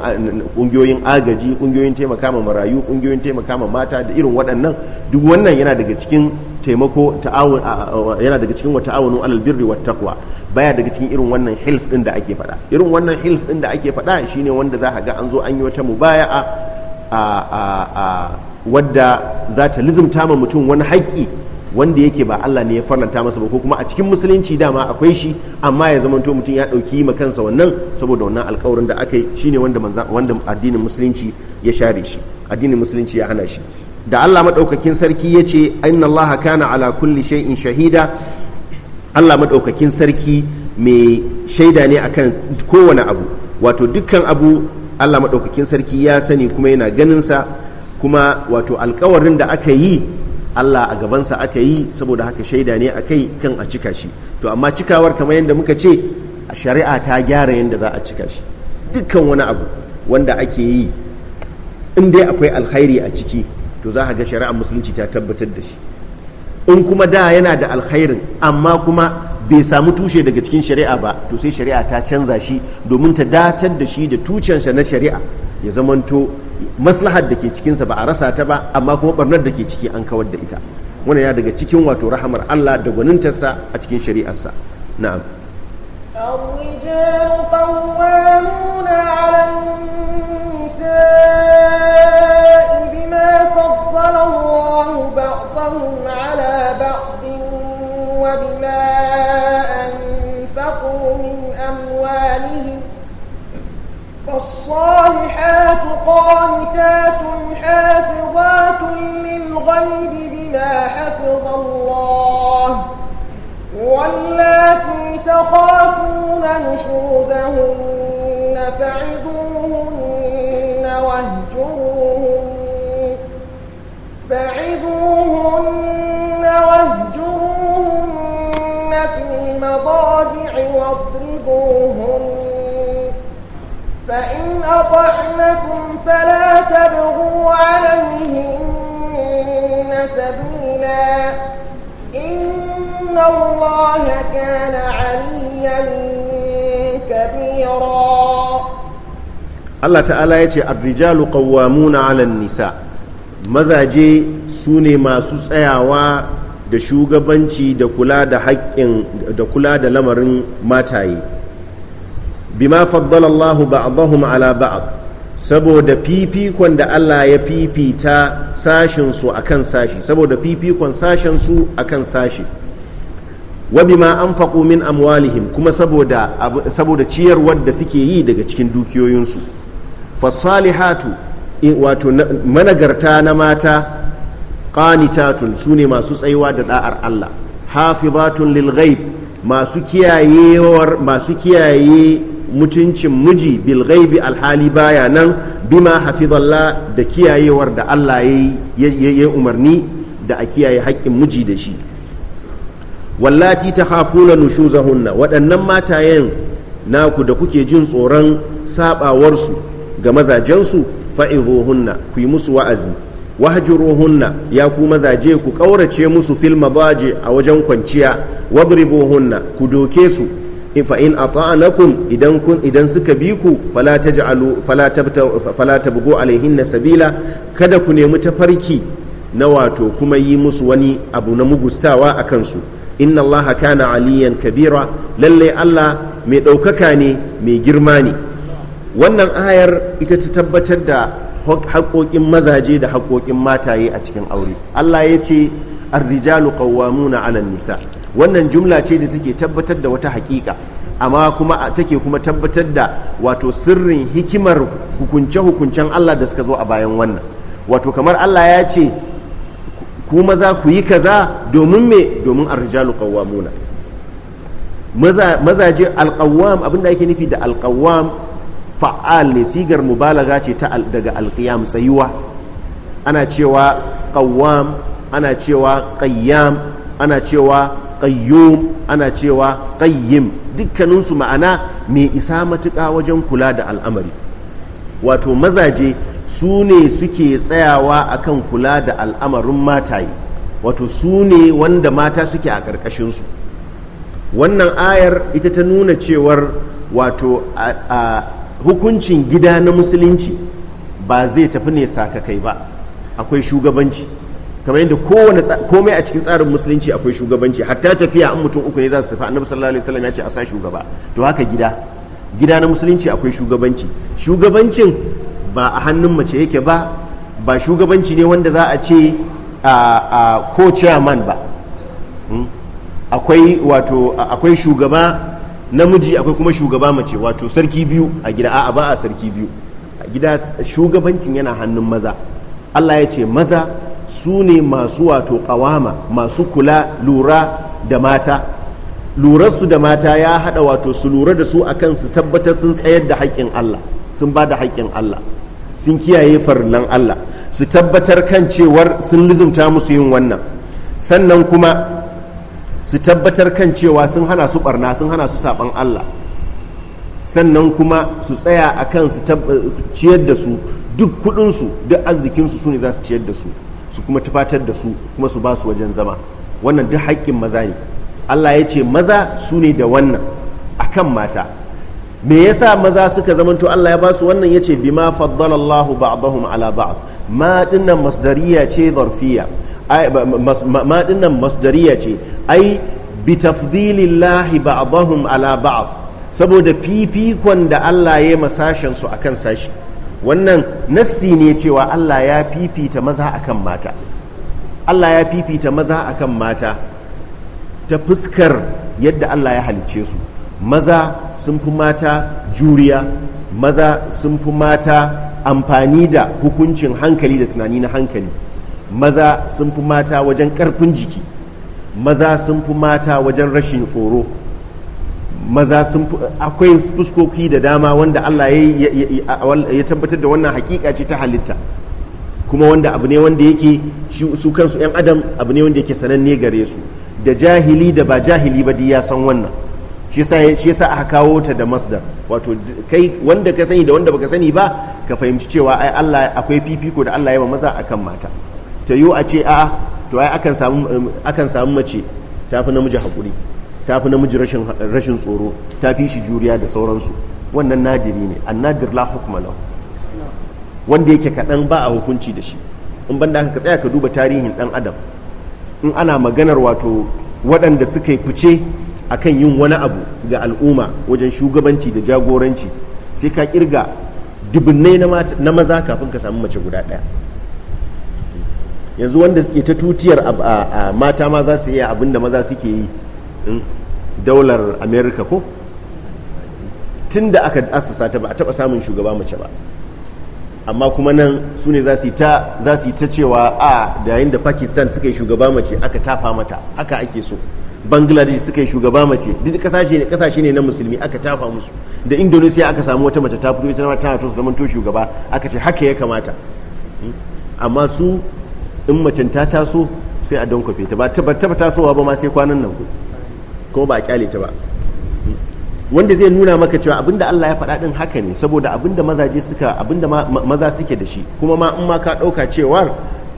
kungiyoyin agaji kungiyoyin taimaka ma marayu kungiyoyin taimaka ma mata da irin waɗannan duk wannan yana daga cikin taimako ta'awun yana daga cikin wata ta'awunu alal birri wat taqwa baya daga cikin irin wannan hilf din da ake faɗa irin wannan hilf din da ake faɗa shine wanda za ka ga an zo an yi wata mubaya'a a a a wadda za ta lizumta ma mutum wani haƙƙi wanda yake ba Allah ne ya farlanta masa ba ko kuma a cikin musulunci dama akwai shi amma ya zamanto mutum ya ɗauki ma kansa wannan saboda wannan alƙawarin da aka yi shine wanda wanda addinin musulunci ya share shi addinin musulunci ya hana shi da Allah maɗaukakin sarki ya ce inna Allah kana ala kulli shay'in shahida Allah maɗaukakin sarki mai shaida ne akan kowane abu wato dukkan abu Allah maɗaukakin sarki ya sani kuma yana ganinsa kuma wato alkawarin da aka yi Allah a gabansa aka yi saboda haka shaida ne a kai kan a cika shi to amma cikawar kamar yadda muka ce a shari'a ta gyara yadda za a cika shi dukkan wani abu wanda ake yi in dai akwai alkhairi a ciki to za a ga shari'ar musulunci ta tabbatar da shi in kuma da yana da alkhairin amma kuma bai samu tushe daga cikin shari'a ba to sai shari'a ta canza shi domin ta datar da shi da tucensa na shari'a ya zamanto maslahar da ke cikinsa ba a rasa ta ba amma kuma barnar da ke ciki an kawar da ita wannan ya daga cikin wato rahamar Allah da gwanintarsa a cikin shari'arsa na'am الرجال الصالحات قانتات حافظات للغيب بما حفظ الله واللاتي تخافون نشوزهن فعظوهن واهجروهن فعظوهن واهجروهن في المضاجع واضربوهن فإن أطعنكم فلا تبغوا عليهن سبيلا إن الله كان عليا كبيرا Allah ta'ala ya ce rijalu qawwamuna 'alan nisa mazaje su ne masu tsayawa da shugabanci da kula da haƙƙin da kula da lamarin mataye bima faddala Allah ba'dahum ala ba'd saboda fifikon da Allah ya fifita sashin su akan sashi saboda fifikon sashin su akan sashi wa bima anfaqu min amwalihim kuma saboda saboda ciyarwar da suke yi daga cikin dukiyoyinsu fasalihatu wato managarta na mata qanitatun sune masu tsayuwa da da'ar Allah hafizatun lil ghaib masu kiyayewar masu kiyaye mutuncin miji bil ghaibi alhali baya nan bima hafizallah da kiyayewar da Allah yayi umarni da a kiyaye haƙƙin miji da shi wallati takhafuna nushuzahunna waɗannan matayen naku da kuke jin tsoron su ga mazajensu fa'izuhunna ku yi musu wa'azi wahjuruhunna ya ku mazaje ku ƙaurace musu fil madaji a wajen kwanciya wadribuhunna ku doke su fa in ata'anakum idan kun idan suka bi ku fala taj'alu fala tabta fala tabgu alaihinna sabila kada ku nemi tafarki na wato kuma yi musu wani abu na mugustawa a kansu. inna allaha kana aliyan kabira lalle allah mai ɗaukaka ne mai girma ne wannan ayar ita ta tabbatar da haƙoƙin mazaje da haƙoƙin mataye a cikin aure allah ya ce ar-rijalu qawwamuna 'alan nisa' wannan jumla ce da take tabbatar da wata haƙiƙa amma kuma take kuma tabbatar da wato sirrin hikimar hukunce-hukuncen Allah da suka zo a bayan wannan wato kamar Allah ya ce ku maza ku yi kaza domin me domin arrijalu qawwamuna mazaje alqawwam abinda yake nufi da alqawwam fa'al ne sigar mubalaga ce ta daga alqiyam tsayuwa ana cewa qawwam ana cewa qayyam ana cewa qayyum ana cewa qayyim dukkaninsu ma'ana mai isa matuƙa wajen kula da al'amari wato mazaje su ne suke tsayawa akan kula da al'amarin mataye wato su ne wanda mata suke a ƙarƙashinsu wannan ayar ita ta nuna cewar wato a hukuncin gida na musulunci ba zai tafi ne sakakai ba akwai shugabanci kamar yadda kowane komai a cikin tsarin musulunci akwai shugabanci hatta tafiya an mutum uku ne za su tafi annabi sallallahu alaihi wasallam ya ce a sa shugaba to haka gida gida na musulunci akwai shugabanci shugabancin ba a hannun mace yake ba ba shugabanci ne wanda za a ce a ko chairman ba hmm? akwai wato akwai shugaba namiji akwai kuma shugaba mace wato sarki biyu a gida a ba a sarki biyu a gida shugabancin yana hannun maza Allah ya ce maza su ne masu wato kawama masu kula lura da mata lurarsu da mata ya hada wato su lura da su akan su tabbatar sun tsayar da haƙƙin Allah sun ba da haƙƙin Allah sun kiyaye farillan Allah su tabbatar kan cewar sun lizumta musu yin wannan sannan kuma su tabbatar kan cewa sun hana su barna sun hana su saban Allah sannan kuma su tsaya akan su ciyar da su duk kudinsu duk arzikinsu su ne za su ciyar da su su kuma tufatar da su kuma su ba su wajen zama wannan duk haƙƙin maza ne Allah ya ce maza su ne da wannan akan mata me yasa maza suka zamanto Allah ya ba su wannan ya ce bima faddalallahu ba'dahum ala ba'd ma dinnan masdariya ce zarfiya dinnan masdariya ce ai bi tafdilillahi ba'dahum ala saboda fifikon da Allah ya yi masashen su akan sashi wannan nassi ne cewa Allah ya fifita maza akan mata Allah ya fifita maza akan mata ta fuskar yadda Allah ya halicce su maza sun fi mata juriya maza sun fi mata amfani da hukuncin hankali da tunani na hankali maza sun fi mata wajen ƙarfin jiki maza sun fi mata wajen rashin tsoro maza sun akwai fuskoki da dama wanda Allah ya tabbatar da wannan hakika ce ta halitta kuma wanda abu ne wanda yake su kansu 'yan adam abu ne wanda yake sananne gare su da jahili da ba jahili ba ya san wannan shi yasa aka kawo ta da masdar wato kai wanda ka sani da wanda baka sani ba ka fahimci cewa ai Allah akwai fifiko da Allah ya ba maza akan mata ta yiwu a ce a'a to ai akan samu mace ta fi namiji hakuri ta fi namiji rashin tsoro ta fi shi juriya da sauransu wannan nadiri ne nadir la hukma wanda yake kaɗan ba a hukunci da shi in banda ka tsaya ka duba tarihin ɗan adam in ana maganar wato waɗanda suka yi fice kan yin wani abu ga al'umma wajen shugabanci da jagoranci sai ka kirga dubinnai na maza kafin ka samu mace guda ɗaya yanzu wanda suke ta tutiyar mata ma za su iya abin da maza suke yi daular america ko tun da aka asasa ta ba a taba samun shugaba mace ba amma kuma nan su ne za su yi ta cewa a da yayin da pakistan suka yi shugaba mace aka tafa mata haka ake so bangladesh suka yi shugaba mace duk kasashe ne na musulmi aka tafa musu da indonesia aka samu wata mace ta fito ita tana to su zaman to shugaba aka ce haka ya kamata amma su in macen ta taso sai a don kwafe ta ba taba tasowa ba ma sai kwanan nan ku kuma ba a kyale ta ba wanda zai nuna maka cewa abinda Allah ya faɗa din haka ne saboda abinda mazaje suka abinda maza suke da shi kuma ma in ma ka ɗauka cewar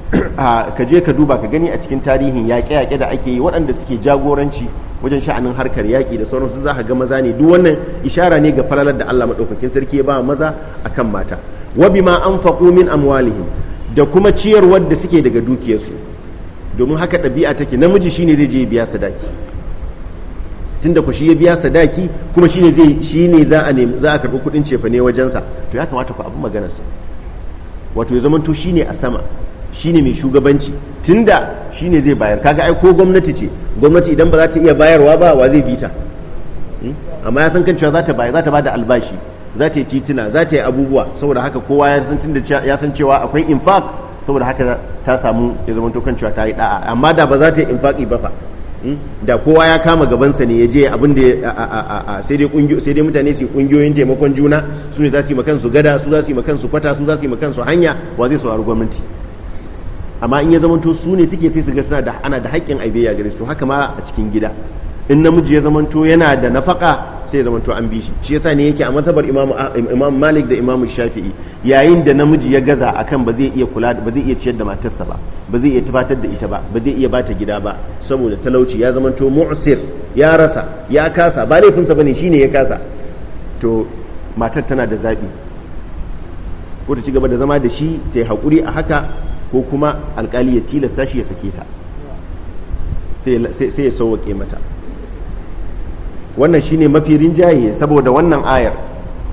[clears throat] ka je ka duba ka gani a cikin tarihin yaƙe-yaƙe da ake yi waɗanda suke jagoranci wajen sha'anin harkar yaƙi da sauran su za ka ga maza ne duk wannan ishara ne ga falalar da Allah maɗaukakin sarki ya ba maza a akan mata wa bima anfaqu min amwalihim da kuma ciyarwar da suke daga dukiyarsu domin haka ɗabi'a take namiji shine zai je biya sadaki tunda ku shi ya biya sadaki kuma shine zai shine za a nemi za a karbi kudin cefa ne wajen sa to ya kamata ku abin maganar sa wato ya zamanto shine a sama shine mai shugabanci tunda shine zai bayar kaga ai ko gwamnati ce gwamnati idan ba za ta iya bayarwa ba wa zai bita hmm? amma ya san kan cewa za ta bayar za ta bada albashi za ta yi titina za ta yi abubuwa saboda haka kowa ya san tunda ya san cewa akwai infaq saboda haka ta samu ya to kan cewa ta yi da'a amma da ba za ta yi infaqi ba fa da kowa ya kama gabansa ne ya je abin da sai dai mutane su kungiyoyin taimakon juna su ne za su yi makan su gada su za su yi makan su kwata su za su yi makan su hanya wa zai saurari gwamnati amma in ya zama to su ne suke sai su ga suna da ana da haƙƙin aibiya ya to haka ma a cikin gida in namiji ya zamanto yana da nafaka sai ya zamanto an bi shi shi yasa ne yake a mazhabar imam malik da imam shafi'i yayin da namiji ya gaza akan ba zai iya kula ba zai iya ciyar da matarsa ba ba zai iya tabbatar da ita ba ba zai iya bata gida ba saboda talauci ya zamanto mu'sir ya rasa ya kasa ba laifinsa bane shine ya kasa to matar tana da zabi ko ta ci da zama da shi ta yi haƙuri a haka ko kuma alkali ya tilasta shi ya sake ta sai ya sauwake mata wannan shine mafi rinjaye saboda wannan ayar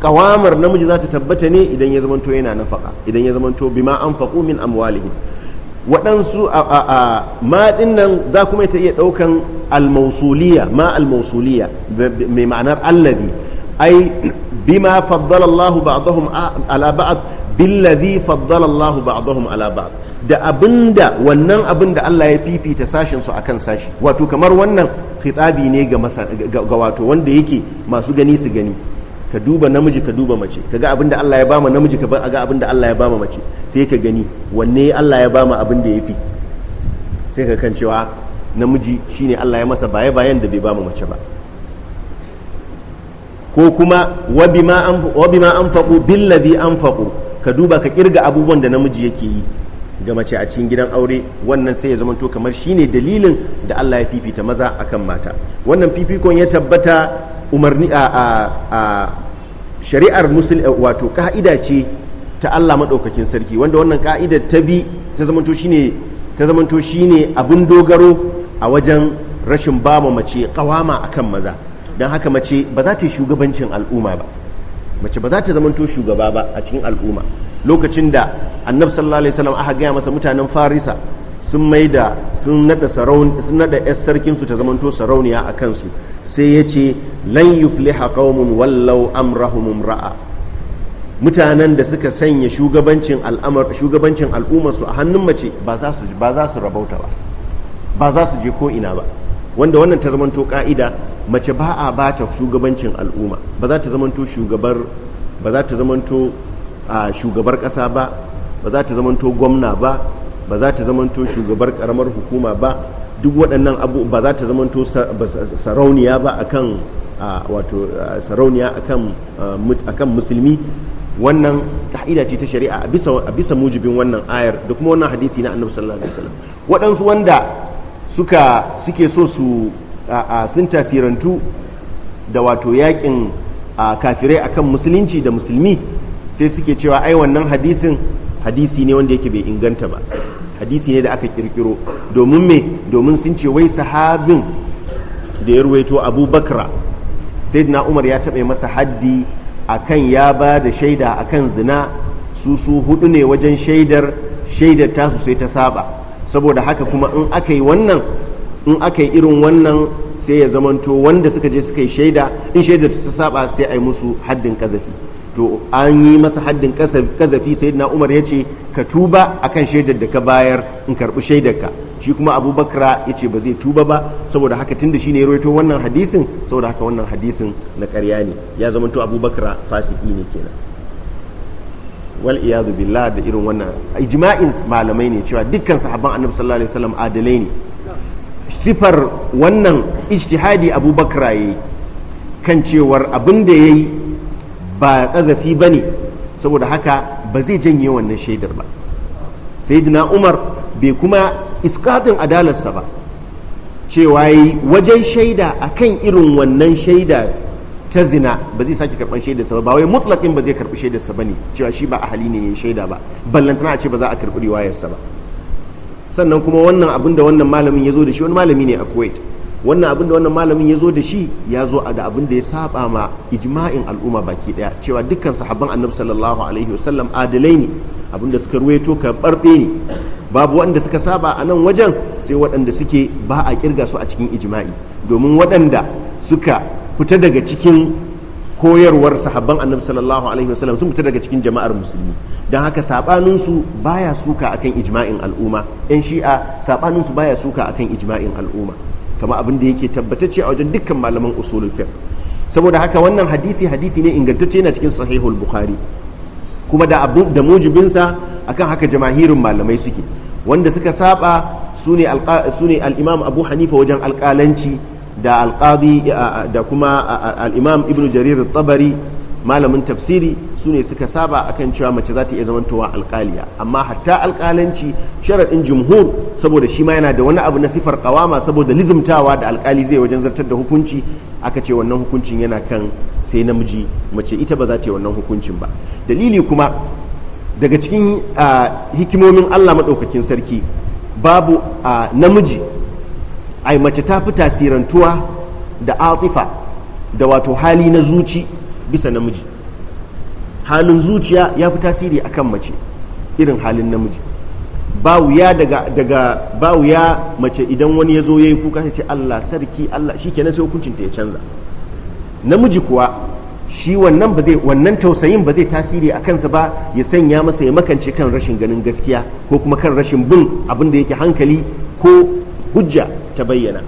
kawamar namiji za ta tabbata ne idan ya zamanto yana nafaka idan ya zamanto bima anfaqu min amwalihim waɗansu a a a za kuma ta iya ɗaukan almausuliya ma almausuliya mai ma'anar allazi ai bima faddala Allahu ba'dahum ala ba'd billazi faddala Allahu ba'dahum ala ba'd da abinda wannan abin da Allah ya fifita sashin su akan sashi wato kamar wannan khitabi ne ga ga wato wanda yake masu gani su gani ka duba namiji ka duba mace ka abin da Allah ya bama namiji ka ga abin da Allah ya bama mace sai ka gani wanne Allah ya bama abin da yafi sai ka kan cewa namiji shine Allah ya masa baye bayan da bai bama mace ba ko kuma wabima an anfaqu billazi an ka duba ka kirga abubuwan da namiji yake yi ga mace a cikin gidan aure wannan sai ya zamanto kamar shine dalilin da Allah ya fifita maza akan mata wannan fifikon ya tabbata umarni a, shari'ar musulmi wato ka'ida ce ta Allah maɗaukakin sarki wanda wannan ka'ida ta bi ta zamanto shine ta to shine abun dogaro a wajen rashin bama mace kawama akan maza don haka mace ba za ta yi shugabancin al'umma ba mace ba za ta zamanto shugaba ba a cikin al'umma lokacin da annab sallallahu alaihi wasallam aka gaya masa mutanen farisa sun maida sun nada sarauni sun nada yar sarkin su ta zamanto sarauniya a kansu sai ya ce lan yufliha qaumun wallau amrahum ra'a mutanen da suka sanya shugabancin al'amar shugabancin al'ummar su a hannun mace ba za su ba za su rabauta ba ba za su je ko ina ba wanda wannan ta zamanto ka'ida mace ba a bata shugabancin al'umma ba za ta zamanto shugabar ba za ta zamanto a shugabar ƙasa ba ba za ta zamanto gwamna ba ba za ta zamanto shugabar ƙaramar hukuma ba duk waɗannan abu ba za ta zamanto sarauniya ba akan wato sarauniya akan musulmi wannan ka'ida ce ta shari'a a bisa mujibin wannan ayar da kuma wannan hadisi na annabi sallallahu alaihi wasallam waɗansu wanda suka suke so su sun tasirantu da wato yakin kafirai akan musulunci da musulmi sai suke cewa ai wannan hadisin hadisi ne wanda yake bai inganta ba hadisi ne da aka kirkiro domin me domin sun ce wai sahabin da ya ruwaito abu bakra sayyidina umar ya taɓa masa haddi a kan ya ba da shaida a kan zina su su hudu ne wajen shaidar shaidar tasu sai ta saba saboda haka kuma in aka yi wannan in aka yi irin wannan sai ya zamanto wanda suka je suka yi shaida in shaidar ta saba sai a yi musu haddin kazafi to an yi masa haddin kazafi sai na umar ya ce ka tuba akan shaidar da ka bayar in karɓi shaidar ka shi kuma abubakar ya ce ba zai tuba ba saboda haka tunda shi ne ya roito wannan hadisin saboda haka wannan hadisin na karya ne ya zama to abubakar fasiki ne kenan wal iyadu billah da irin wannan ijma'in malamai ne cewa dukkan sahabban annabi sallallahu alaihi wasallam adalai ne sifar wannan ijtihadi abubakar yayi kan cewar abin da yayi ba ƙazafi ba ne saboda haka ba zai janye wannan shaidar ba sayyidina umar bai kuma iskatin adalarsa ba cewa yi wajen shaida a kan irin wannan shaida ta zina ba zai sake karɓar shaidarsa ba ba wai mutlaƙin ba zai karɓi shaidarsa ba ne cewa shi ba ahali ne yin shaida ba ballantana a ce ba za a karɓi riwayarsa ba sannan kuma wannan abin da wannan malamin ya zo da shi wani malami ne a kuwait wannan abin da wannan malamin ya zo da shi ya zo da abin da ya saba ma ijma'in al'umma baki daya cewa dukkan sahabban annabi sallallahu alaihi wasallam adalai ne abin da suka ruwaito ka barbe ne babu waɗanda suka saba a nan wajen sai waɗanda suke ba a kirga su a cikin ijma'i domin waɗanda suka fita daga cikin koyarwar sahabban annabi sallallahu alaihi wasallam sun fita daga cikin jama'ar musulmi dan haka sabanin su baya suka akan ijma'in al'umma yan shi'a sabanin su baya suka akan ijma'in al'umma kama abin da yake tabbatacce a wajen dukkan malaman usulul fiqh saboda haka wannan hadisi hadisi ne ingantacce yana cikin sahihul bukhari kuma da abu da mujibinsa akan haka jamahirin malamai suke wanda suka saba sune sune al-imam abu hanifa wajen alkalanci da alƙadi da kuma al-imam ibnu jarir at-tabari malamin tafsiri su ne suka saba a kan cewa mace za ta iya zamantowa alkaliya amma hatta alkalanci sharaɗin jumhur saboda shi ma yana da wani abu na sifar kawama saboda lizimtawa da alkali zai wajen zartar da hukunci aka ce wannan hukuncin yana kan sai namiji mace ita ba za ta yi wannan hukuncin ba dalili kuma daga cikin hikimomin allah maɗaukakin sarki babu namiji ai mace ta fi tasirantuwa da atifa da wato hali na zuci bisa namiji halin zuciya ya fi tasiri akan mace irin halin namiji ba daga daga ba wuya mace idan wani ya zo ya yi kuka sai ce Allah sarki Allah shi kenan sai hukuncinta ya canza namiji kuwa shi wannan tausayin ba zai tasiri a kansa ba ya sanya masa ya makance kan rashin ganin gaskiya ko kuma kan rashin bin abin da yake hankali ko hujja ta bayyana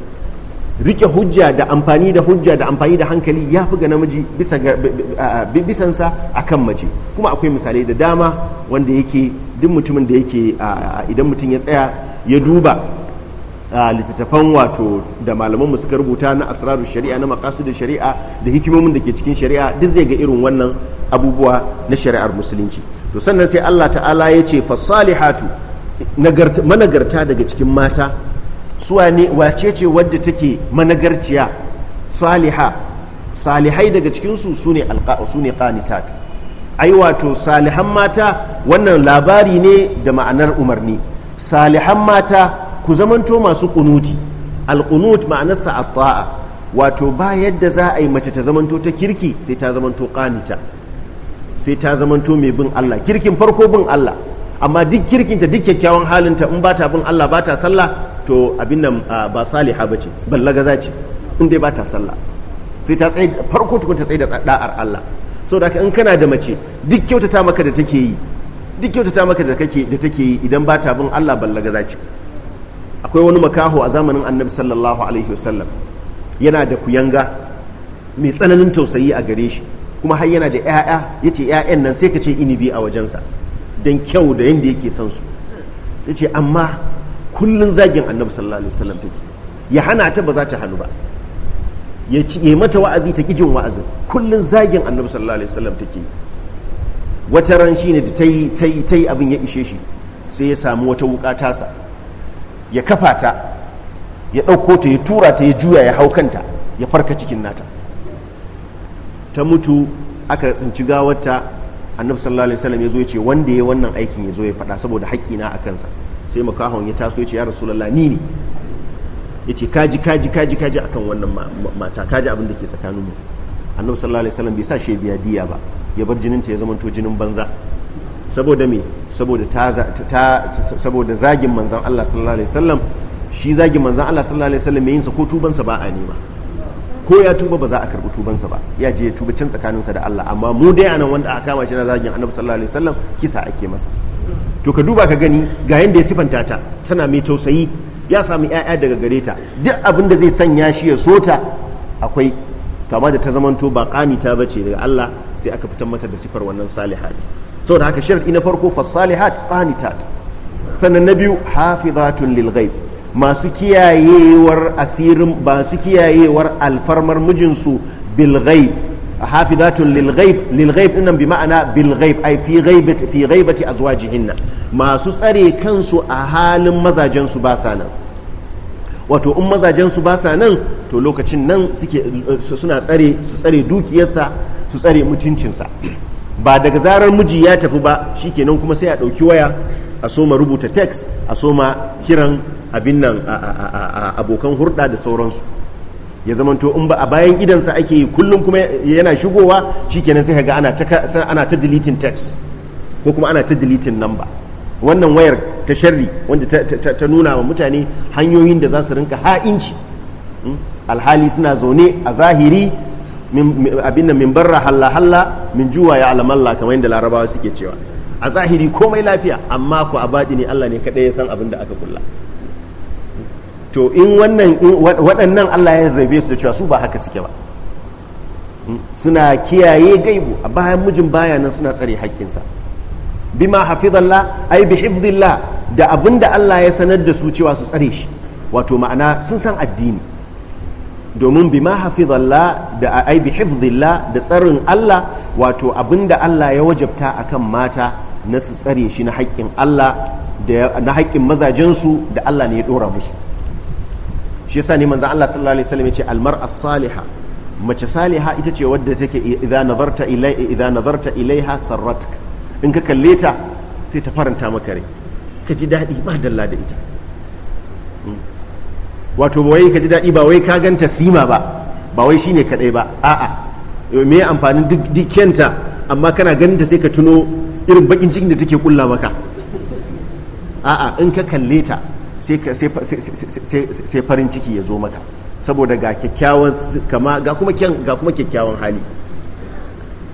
rike hujja da amfani da hujja da amfani da hankali ya fi ga namiji bisansa a kan mace kuma akwai misalai da dama wanda yake duk mutumin da yake idan mutum ya tsaya ya duba littattafan wato da malamanmu suka rubuta na asraru shari'a na makasu da shari'a da hikimomin da ke cikin shari'a duk zai ga irin wannan abubuwa na shari'ar musulunci to sannan sai allah ta'ala ya ce fasalihatu managarta daga cikin mata suwane wace ce wadda take managarciya saliha salihai daga cikinsu su ne qanitat ai wato salihan mata wannan labari ne da ma'anar umarni salihan mata ku zamanto masu kunuti alqunut ma'anarsa a taa wato ba yadda za a yi mace ta zamanto ta kirki sai ta zamanto ƙanita, sai ta zamanto mai bin Allah kirkin farko bin Allah amma duk kirkinta duk kyakkyawan halinta in ba ta bin Allah ba ta sallah to abin nan ba saliha bace ballagaza ce in dai ba ta sallah sai ta tsaye farko tukun ta tsaye da da'ar Allah so da in kana da mace duk kyautata maka da take yi duk kyautata maka da kake da take yi idan ba ta bin Allah ballagaza ce akwai wani makaho a zamanin Annabi sallallahu alaihi wasallam yana da kuyanga mai tsananin tausayi a gare shi kuma har yana da 'ya'ya yace 'ya'yan nan sai ka ce inibi a wajensa don kyau da yanda yake son su yace amma kullun zagin annabi sallallahu alaihi wasallam take ya hana ta ba za ta hannu ba ya ci mata wa'azi ta kijin wa'azin kullun zagin annabi sallallahu alaihi wasallam take wata ran shine da tayi tayi tayi abin ya ishe shi sai ya samu wata wuka tasa ya kafa ta ya ɗauko ta ya tura ta ya juya ya hau kanta ya farka cikin nata ta mutu aka tsinci gawarta annabi sallallahu alaihi wasallam ya zo ya ce wanda ya wannan aikin ya zo ya faɗa saboda haƙƙina a kansa sai makahon ya taso ya ce ya rasulallah ni ne ya ce kaji kaji kaji kaji akan wannan mata kaji abin da ke tsakaninmu annabi sallallahu alaihi wasallam bai sa shi biya diya ba ya bar jinin ta ya zama to jinin banza saboda me saboda ta, ta saboda zagin manzon Allah sallallahu alaihi wasallam shi zagin manzon Allah sallallahu alaihi wasallam yayin sa ko tuban sa ba a nema ko ya tuba ba za a karbi tuban sa ba ya je ya tuba can tsakaninsa da Allah amma mu dai anan wanda aka kama shi na zagin annabi sallallahu alaihi wasallam kisa ake masa to ka duba ka gani ga yanda ya sifanta ta tana mai tausayi ya samu 'ya'ya daga gare ta duk abin da zai sanya shi ya ta akwai kama da ta zamanto ba ta bace daga Allah sai aka fitar mata da sifar wannan salihat saboda haka sharadi ina farko fa salihat qanitat sannan na biyu hafizatun lil ghaib masu kiyayewar asirin ba su kiyayewar alfarmar mijinsu bilgai. hafizatun lil ghaib lil ghaib dinnan bi ma'ana bil ghaib ai fi ghaibati fi ghaibati azwajihinna masu tsare kansu a halin mazajen su wato in mazajen su ba sa nan to lokacin nan suke suna tsare su tsare dukiyarsa su tsare mutuncinsa ba daga zarar miji ya tafi ba shikenan kuma sai a ɗauki waya a soma rubuta text a soma kiran abin nan abokan hurɗa da sauransu ya to in ba a bayan idansa ake yi kullum kuma yana shigowa shikenan sai ga ana ta ana ta deleting text ko kuma ana ta deleting number wannan wayar ta sharri wanda ta, nuna wa mutane hanyoyin da za su rinka ha'inci hmm? alhali suna zaune a zahiri abin nan min barra halla halla min juwa ya alamalla kamar yadda larabawa suke cewa a zahiri komai lafiya amma ku baɗi ne Allah ne kaɗai ya san abin da aka kulla to in wannan waɗannan Allah ya zarbe su da cewa su ba haka suke ba hmm? suna kiyaye gaibu a bayan mijin bayanan suna tsare haƙƙinsa bima hafizallah ai bi hifzillah da abinda Allah ya sanar da su cewa su tsare shi wato ma'ana sun san addini domin bima hafizallah da ai bi hifzillah da tsarin Allah wato abinda Allah ya wajabta akan mata na su tsare shi na haƙƙin Allah na haƙƙin mazajensu da Allah ne ya ɗora musu shi yasa ne manzo Allah sallallahu alaihi wasallam yace almar'a salihah mace saliha ita ce wadda take idza nazarta ilai idza nazarta ilaiha sarratk in ka kalle ta sai ta faranta maka rai ka ji daɗi ba dalla da ita hmm. wato ba wai ka ji daɗi ba wai ka ganta sima ba ba wai shine kadai ba a'a me amfanin duk dikenta amma kana ganin ta sai ka tuno irin bakin cikin da take kulla maka a'a in ka kalle ta sai farin ciki ya zo maka saboda ga kyakkyawan kama ga kuma ga kuma kyakkyawan hali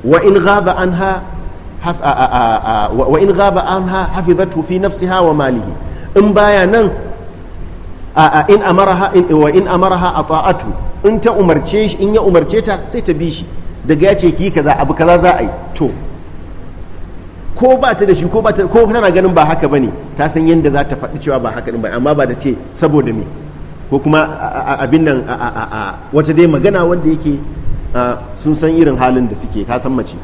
wa in gaba an wa in ghaba anha hafizatu fi nafsiha wa malihi in baya nan in amaraha wa in a ta'atu in ta umarce shi in ya umarce ta sai ta bi shi daga ya ce ki kaza abu kaza za a yi to ko ba ta da shi ko ba ta ko tana ganin ba haka bane ta san yadda za ta faɗi cewa ba haka din ba amma ba da ce saboda me ko kuma abin nan wata dai magana wanda yake sun san irin halin da suke ka san mace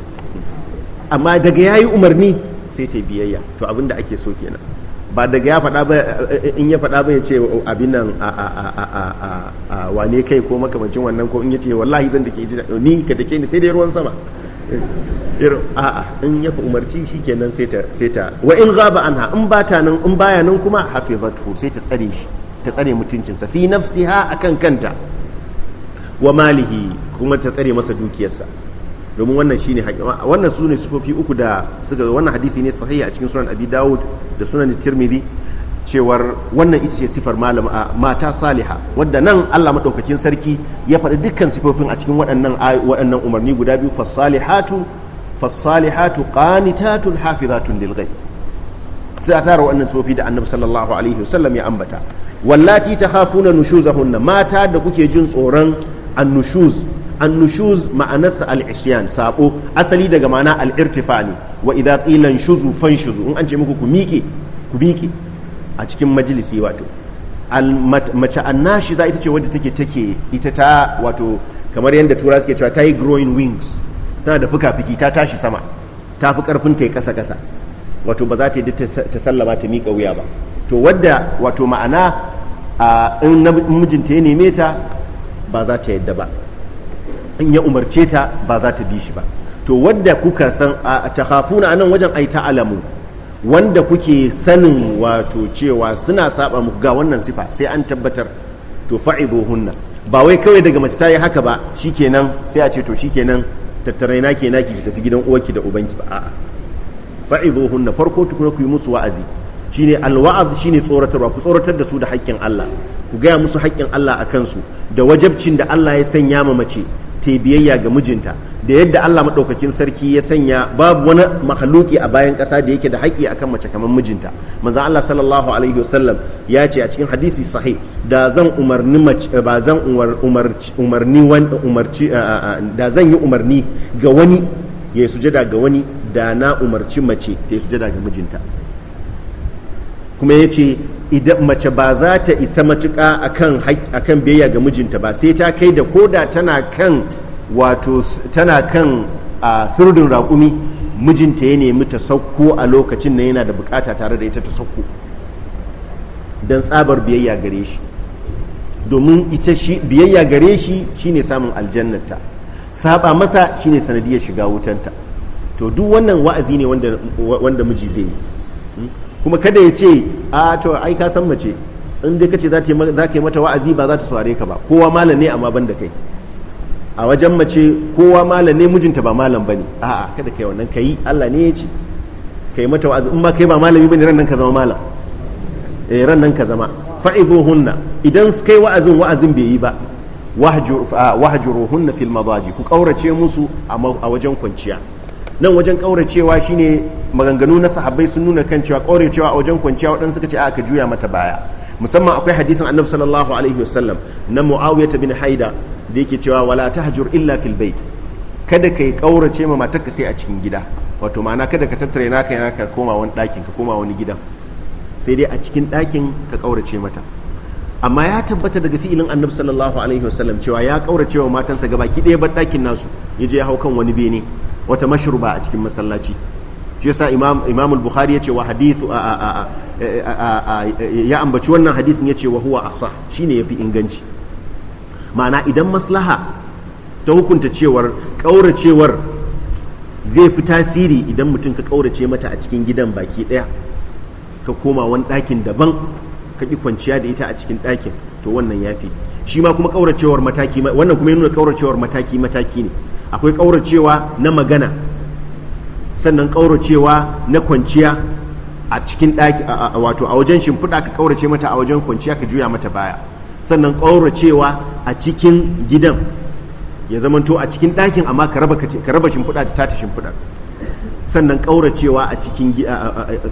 amma daga yayi umarni sai ta biyayya to abin da ake so kenan ba daga ya faɗa ba in ya faɗa ba ya ce abin nan wane kai ko makamancin wannan ko in ya ce wallahi zan da ke ni ka da ke ni sai da ruwan sama irin a'a in ya fi umarci shi ke nan sai ta wa in an anha in ba ta nan in baya nan kuma hafizatu sai ta tsare shi ta tsare mutuncinsa fi nafsiha akan kanta wa malihi kuma ta tsare masa dukiyarsa domin wannan shine wannan sune sifofi uku da suka wannan hadisi ne sahihi a cikin sunan abi dawud da sunan tirmidhi cewar wannan ita ce sifar mata saliha wadda nan Allah maɗaukakin sarki ya faɗi dukkan sifofin a cikin waɗannan waɗannan umarni guda biyu fasalihatu fasalihatu qanitatun hafizatun lil sai a tara waɗannan sifofi da Annabi sallallahu alaihi wasallam ya ambata wallati takhafuna nushuzahunna mata da kuke jin tsoron annushuz annushuz ma'anarsa al-isyan sabo asali daga ma'ana al irtifani wa idza qila shuzu fanshuzu in an ce muku ku ku miƙe a cikin majalisi wato mace annashi za ita ce wadda take take ita ta wato kamar yadda tura suke cewa ta yi growing wings tana da fuka-fiki ta tashi sama ta fi karfin ta yi kasa-kasa wato ba za ta yi ta sallama ta miƙa wuya ba to wadda wato ma'ana in mijinta ya neme ta ba za ta yadda ba in ya umarce ta ba za ta bi shi ba to wadda kuka san ta hafuna a nan wajen aita alamu wanda kuke sanin wato cewa suna saba muku ga wannan sifa sai an tabbatar to hunna ba wai kawai daga mace ta yi haka ba shikenan sai a ce to shikenan tattarai na kenan ki tafi gidan uwarki da ubanki ba a'a hunna farko tukuna ku yi musu wa'azi shine alwa'az shine tsoratarwa ku tsoratar da su da haƙƙin Allah ku gaya musu haƙƙin Allah a kansu da wajabcin da Allah ya sanya ma mace ta biyayya ga mijinta da yadda Allah maɗaukakin sarki ya sanya babu wani mahaluki a bayan ƙasa da yake da haƙƙi akan mace kamar mijinta manzo Allah sallallahu alaihi wasallam ya ce a cikin hadisi sahih da zan umarni mace ba zan umarni umarci da zan yi umarni ga wani ya yi sujada ga wani da na umarci mace ta yi sujada ga mijinta kuma ya ce idan mace ba za ta isa matuƙa akan biyayya ga mijinta ba sai ta kai da koda tana kan wato tana kan a sirrin raƙumi mijinta ya nemi ta sauko a lokacin na yana da bukata tare da ita ta sauko don tsabar biyayya gare shi domin ita shi biyayya gare shi shine samun aljannata saba masa shine sanadiyar shiga wutanta to duk wannan wa'azi ne wanda miji zai yi hmm? kuma kada ya ce a to ai ka san mace in dai ce za ka yi mata wa'azi ba za ta sware ka ba kowa malam ne amma ban da kai a wajen mace kowa malam ne mijinta ba malam bane a'a kada kai wannan kai Allah ne ya ce kai mata wa'azi in ma kai ba malami bane ran nan ka zama malam eh ran nan ka zama fa'izuhunna idan kai wa'azin wa'azin bai yi ba wahjuruhunna fil madaji ku kaurace musu a wajen kwanciya nan wajen kauracewa shine maganganu na sahabbai sun nuna kan cewa kauracewa a wajen kwanciya wadanda suka ce ka juya mata baya musamman akwai hadisin annabi sallallahu alaihi wasallam na mu'awiyah bin haida da yake cewa wala tahjur illa fil bait kada kai kaurace ma matarka sai a cikin gida wato ma'ana kada ka tattare naka yana ka koma wani ɗakin ka koma wani gidan sai dai a cikin ɗakin ka kaurace mata amma ya tabbata daga fi'ilin annabi sallallahu alaihi wasallam cewa ya kaurace wa matansa gaba ki ɗaya bar ɗakin nasu ya je ya hau kan wani bene wata mashruba a cikin masallaci shi yasa imam imam al-bukhari yace wa hadithu ya ambaci wannan hadisin yace wa huwa asah shine yafi inganci ma'ana idan maslaha ta hukunta cewar ƙauracewar zai fi tasiri idan mutum ka ƙaurace mata a cikin gidan baki ɗaya ka koma wani ɗakin daban ka ƙi kwanciya da ita a cikin ɗakin to wannan ya fi shi ma kuma ƙauracewar mataki wannan kuma ya nuna ƙauracewar mataki mataki ne akwai ƙauracewa na magana sannan ƙauracewa na kwanciya a cikin ɗaki wato a wajen shimfiɗa ka ƙaurace mata a wajen kwanciya ka juya mata baya sannan ƙauracewa a cikin gidan ya to a cikin ɗakin amma ka raba shimfiɗa ta ta shimfiɗa sannan ƙauracewa a cikin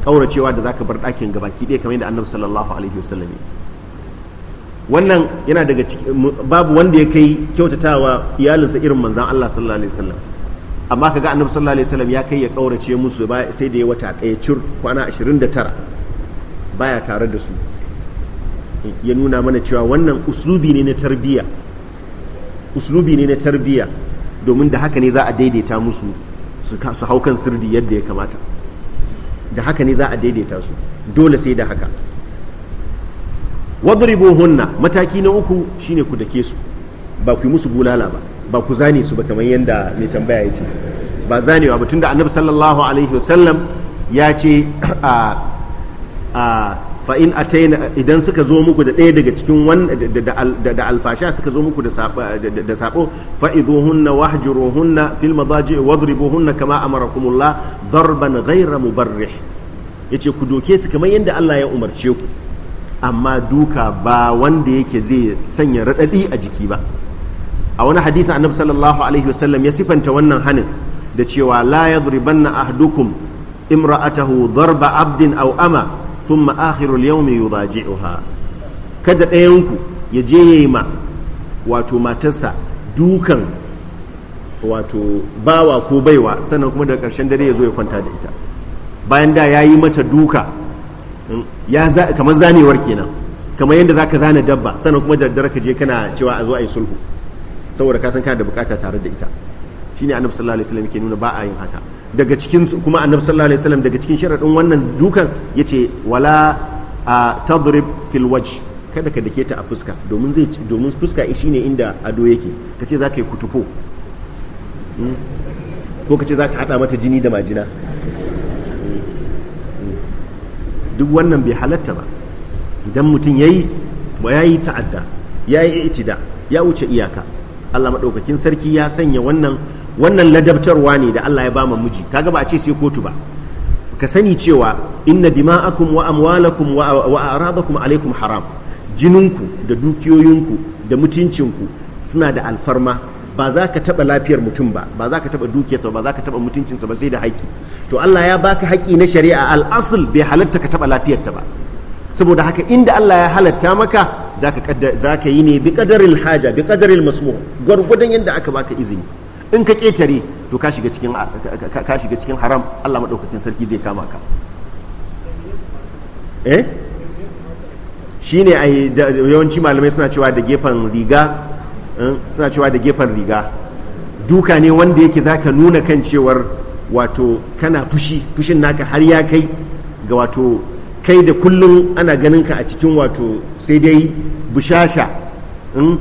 ƙauracewa da zaka bar ɗakin gaba ki ɗaya kamar yadda annabi sallallahu alaihi wasallam wannan yana daga cikin babu wanda ya kai kyautatawa iyalinsa irin manzan Allah sallallahu alaihi wasallam amma kaga annabi sallallahu alaihi wasallam ya kai ya ƙaurace musu sai da ya wata ɗaya cur kwana 29 baya tare da su ya nuna mana cewa wannan uslubi ne na tarbiyya uslubi ne na tarbiyya domin da haka ne za a daidaita musu su hau kan sirdi yadda ya kamata da haka ne za a daidaita su dole sai da haka wadribu hunna mataki na uku shine ku dake su ba ku yi musu bulala ba ba ku zane su ba kamar yadda mai tambaya ya ce ba zanewa ba tunda annabi sallallahu alaihi wasallam ya ce [coughs] a fa'in a ataina idan suka zo muku da ɗaya daga cikin da alfasha suka zo muku da sabo fa hunna wahjuruhunna fil madaji hunna kama amarakumullah darban ghayra mubarrih yace ku doke su kamar yadda Allah ya umarce ku amma duka ba wanda yake zai sanya radadi a jiki ba a wani hadisi annabi sallallahu alaihi wasallam ya sifanta wannan hanin da cewa la yadribanna ahdukum imra'atahu darba abdin aw ama thumma akhirul yawmi yudaji'uha kada ɗayanku ya je yayi ma wato matarsa dukan wato bawa ko baiwa sannan kuma daga ƙarshen dare ya zo ya kwanta da ita bayan da ya yi mata duka mm, kamar zanewar kenan kamar yadda za ka zana dabba sannan kuma da dare ka je kana cewa a zo a yi sulhu saboda ka san kana da bukata tare da ita shine annabi sallallahu alaihi wasallam ke nuna ba a yin haka daga cikin kuma annabi sallallahu alaihi wasallam daga cikin sharadin wannan dukan yace wala tadrib fil wajh kada ka dake ta a fuska domin zai domin fuska shine inda ado yake kace zaka yi kutufo hmm? ko kace zaka hada mata jini da majina hmm. duk wannan bai halatta ba idan mutum yayi ba yayi ta'adda yayi itida ya wuce iyaka Allah madaukakin sarki ya sanya wannan wannan ladabtarwa ne da Allah ya ba miji kaga ba a ce sai kotu ba ka sani cewa inna dima'akum wa amwalakum wa, aradakum alaikum haram jininku da dukiyoyinku da mutuncinku suna da alfarma ba za ka taɓa lafiyar mutum ba ba za ka taɓa dukiyarsa ba za ka taɓa mutuncinsa ba sai da haƙƙi to Allah ya baka haƙƙi na shari'a al'asul bai halatta ka taba lafiyarta ba saboda haka inda Allah ya halatta maka zaka ka yi ne bi ƙadarin haja bi ƙadarin masmu gwargwadon yadda aka baka izini in ka ƙetare to ka shiga cikin haram Allah madaukakin sarki zai kama ka eh shine a yawanci malamai suna cewa da gefen riga eh, suna cewa da gefen riga duka ne wanda yake zaka nuna kan cewar wato kana fushi fushin naka har ya kai ga wato kai da kullum ana ganin ka a cikin wato sai dai bushasha eh,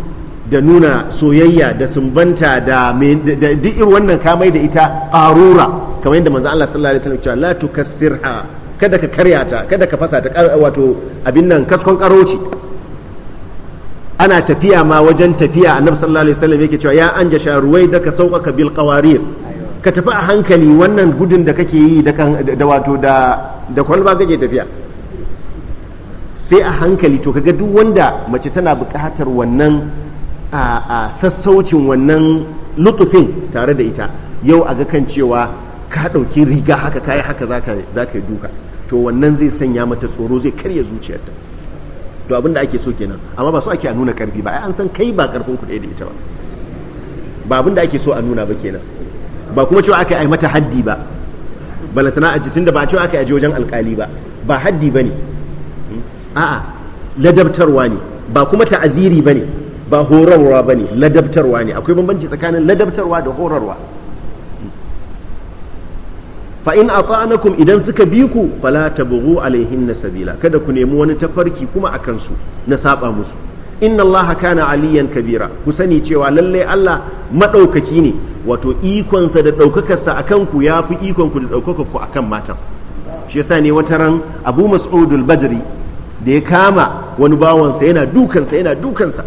da nuna soyayya da sumbanta da duk irin wannan kamai da ita ƙarura kamar yadda manzo Allah sallallahu alaihi wasallam cewa la tukassirha kada ka karya ta kada ka fasa ta wato abin nan kaskon karoci ana tafiya ma wajen tafiya annabi sallallahu alaihi wasallam yake cewa ya anja sharuwai da ka sauƙaƙa bil qawarir ka tafi a hankali wannan gudun da kake yi da wato da kwalba kake tafiya sai a hankali to kaga duk wanda mace tana buƙatar wannan a sassaucin wannan lutufin tare da ita yau a ga kan cewa ka ɗauki riga haka kayi haka za ka yi duka to wannan zai sanya mata tsoro zai karya zuciyarta to abin da ake so kenan amma ba so ake a nuna karfi ba an san kai ba karfin ku da ita ba ba abin da ake so a nuna ba kenan ba kuma cewa aka yi mata haddi ba balatana a jitin da ba cewa aka yi wajen alkali ba ba haddi ba ne hmm? a'a ladabtarwa ne ba kuma ta'aziri ba ne ba horarwa ba ne ladabtarwa ne akwai bambanci tsakanin ladabtarwa da horarwa fa'in a ta’anakum idan suka bi ku fala ta bugu alaihin sabila kada ku nemi wani tafarki kuma a kansu na saba musu inna allaha kana aliyan kabira ku sani cewa lallai allah maɗaukaki ne wato ikonsa da ɗaukakarsa a kanku ya fi ikonku da ɗaukakarku a kan matan shi yasa ne wata ran abu mas'udul badri da ya kama wani bawansa yana dukansa yana dukansa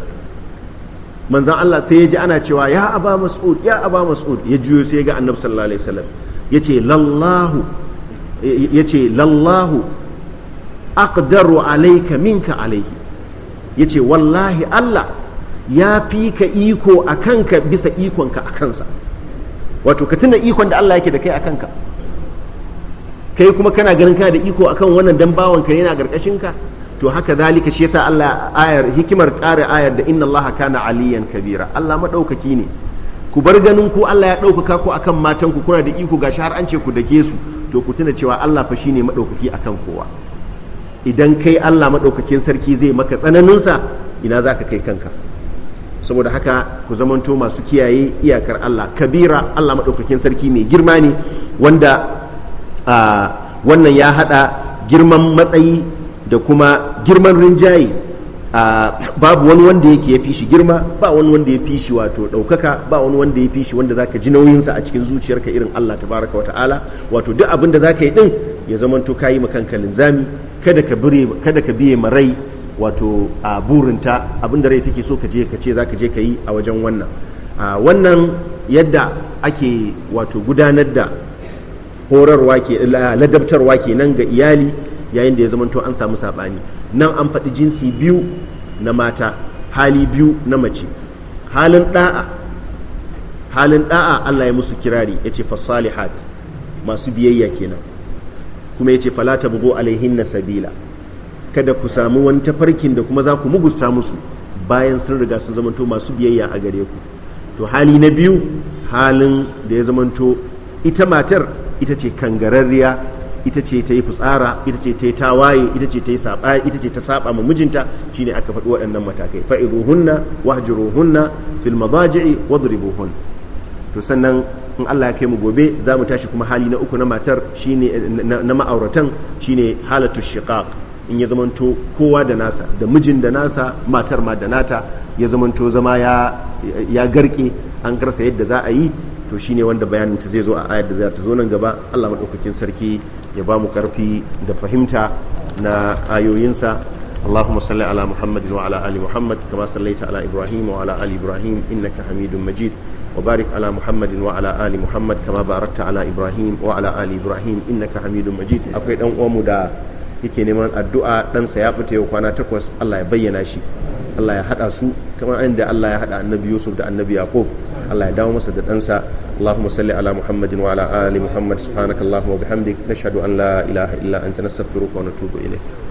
manzan Allah sai ya ji ana cewa ya aba mas'ud ya aba mas'ud ya juyo sai ya ga annabi sallallahu alaihi wasallam ya ce lallahu ya lallahu aqdaru alayka minka alayhi ya ce wallahi Allah ya fi ka iko a kanka bisa ikonka a kansa wato ka tuna ikon da Allah yake da kai a kanka kai kuma kana ganin kana da iko akan wannan dan ka yana karkashin ka to haka zalika shi yasa Allah ayar hikimar ƙara ayar da inna Allah kana aliyan kabira Allah madaukaki ne ku bar ganin ku Allah ya ɗaukaka ku akan matan ku kuna da iko shi har an ce ku dake su to ku tuna cewa Allah fa shine maɗaukaki akan kowa idan kai Allah maɗaukakin sarki zai maka tsananin sa ina zaka kai kanka saboda haka ku zamanto masu kiyaye iyakar Allah kabira Allah maɗaukakin sarki mai girma ne wanda ah, wannan ya hada girman matsayi da kuma girman rinjaye babu wani wanda yake ya fi shi girma ba wani wanda ya fi shi wato ɗaukaka ba wani wanda ya fi shi wanda zaka ji nauyin sa a cikin zuciyarka irin Allah tabaraka wa ta'ala wato duk abin da zaka yi din ya zamanto kayi kankalin linzami kada ka bire kada ka biye marai wato a burinta abin da rai take so ka je ka ce zaka je ka yi a wajen wannan wannan yadda ake wato gudanar da horarwa ke ladabtarwa kenan ga iyali yayin da ya zamanto an samu saɓani nan an faɗi jinsi biyu na mata hali biyu na mace halin ɗa'a halin ɗa'a Allah ya musu kirari ya ce fasalihat masu biyayya kenan kuma ya ce falata bugo na sabila kada ku samu wani tafarkin da kuma za ku mugusta musu bayan sun riga sun zamanto masu biyayya a gare ku to hali na biyu halin da ya zamanto ita matar ita ce kangararriya ita ce ta yi fitsara ita ce ta yi tawaye ita ce ta yi saba ita ce ta saba ma mijinta shine aka faɗi waɗannan matakai fa'izuhunna wahjuruhunna fil madaji'i wadribuhun to sannan in Allah ya kai mu gobe za mu tashi kuma hali na uku na matar shine na ma'auratan shine halatu shiqaq in ya zamanto kowa da nasa da mijin da nasa matar ma da nata ya zamanto zama ya ya garke an karsa yadda za a yi to shine wanda bayanin ta zai zo a ayar da za ta zo nan gaba Allah madaukakin sarki ya ba mu karfi da fahimta na ayoyinsa allahumma salli ala muhammad wa ala ali muhammad kama sallaita ala ibrahim wa ala ali ibrahim innaka hamidun majid wa barik ala muhammad wa ala muhammad kama barakta ala ibrahim wa ala ali ibrahim innaka hamidun majid akwai dan uwan da yake neman addu'a dan sa ya fita yau kwana takwas allah ya bayyana shi allah ya hada su kamar inda allah ya hada annabi yusuf da annabi yaqub Allah ya dawo masa da ɗansa Allahumma salli ala Muhammadin wa ala ali Muhammad subhanakallahumma wa bihamdik nashhadu an la ilaha illa anta nastaghfiruka wa natubu ilayk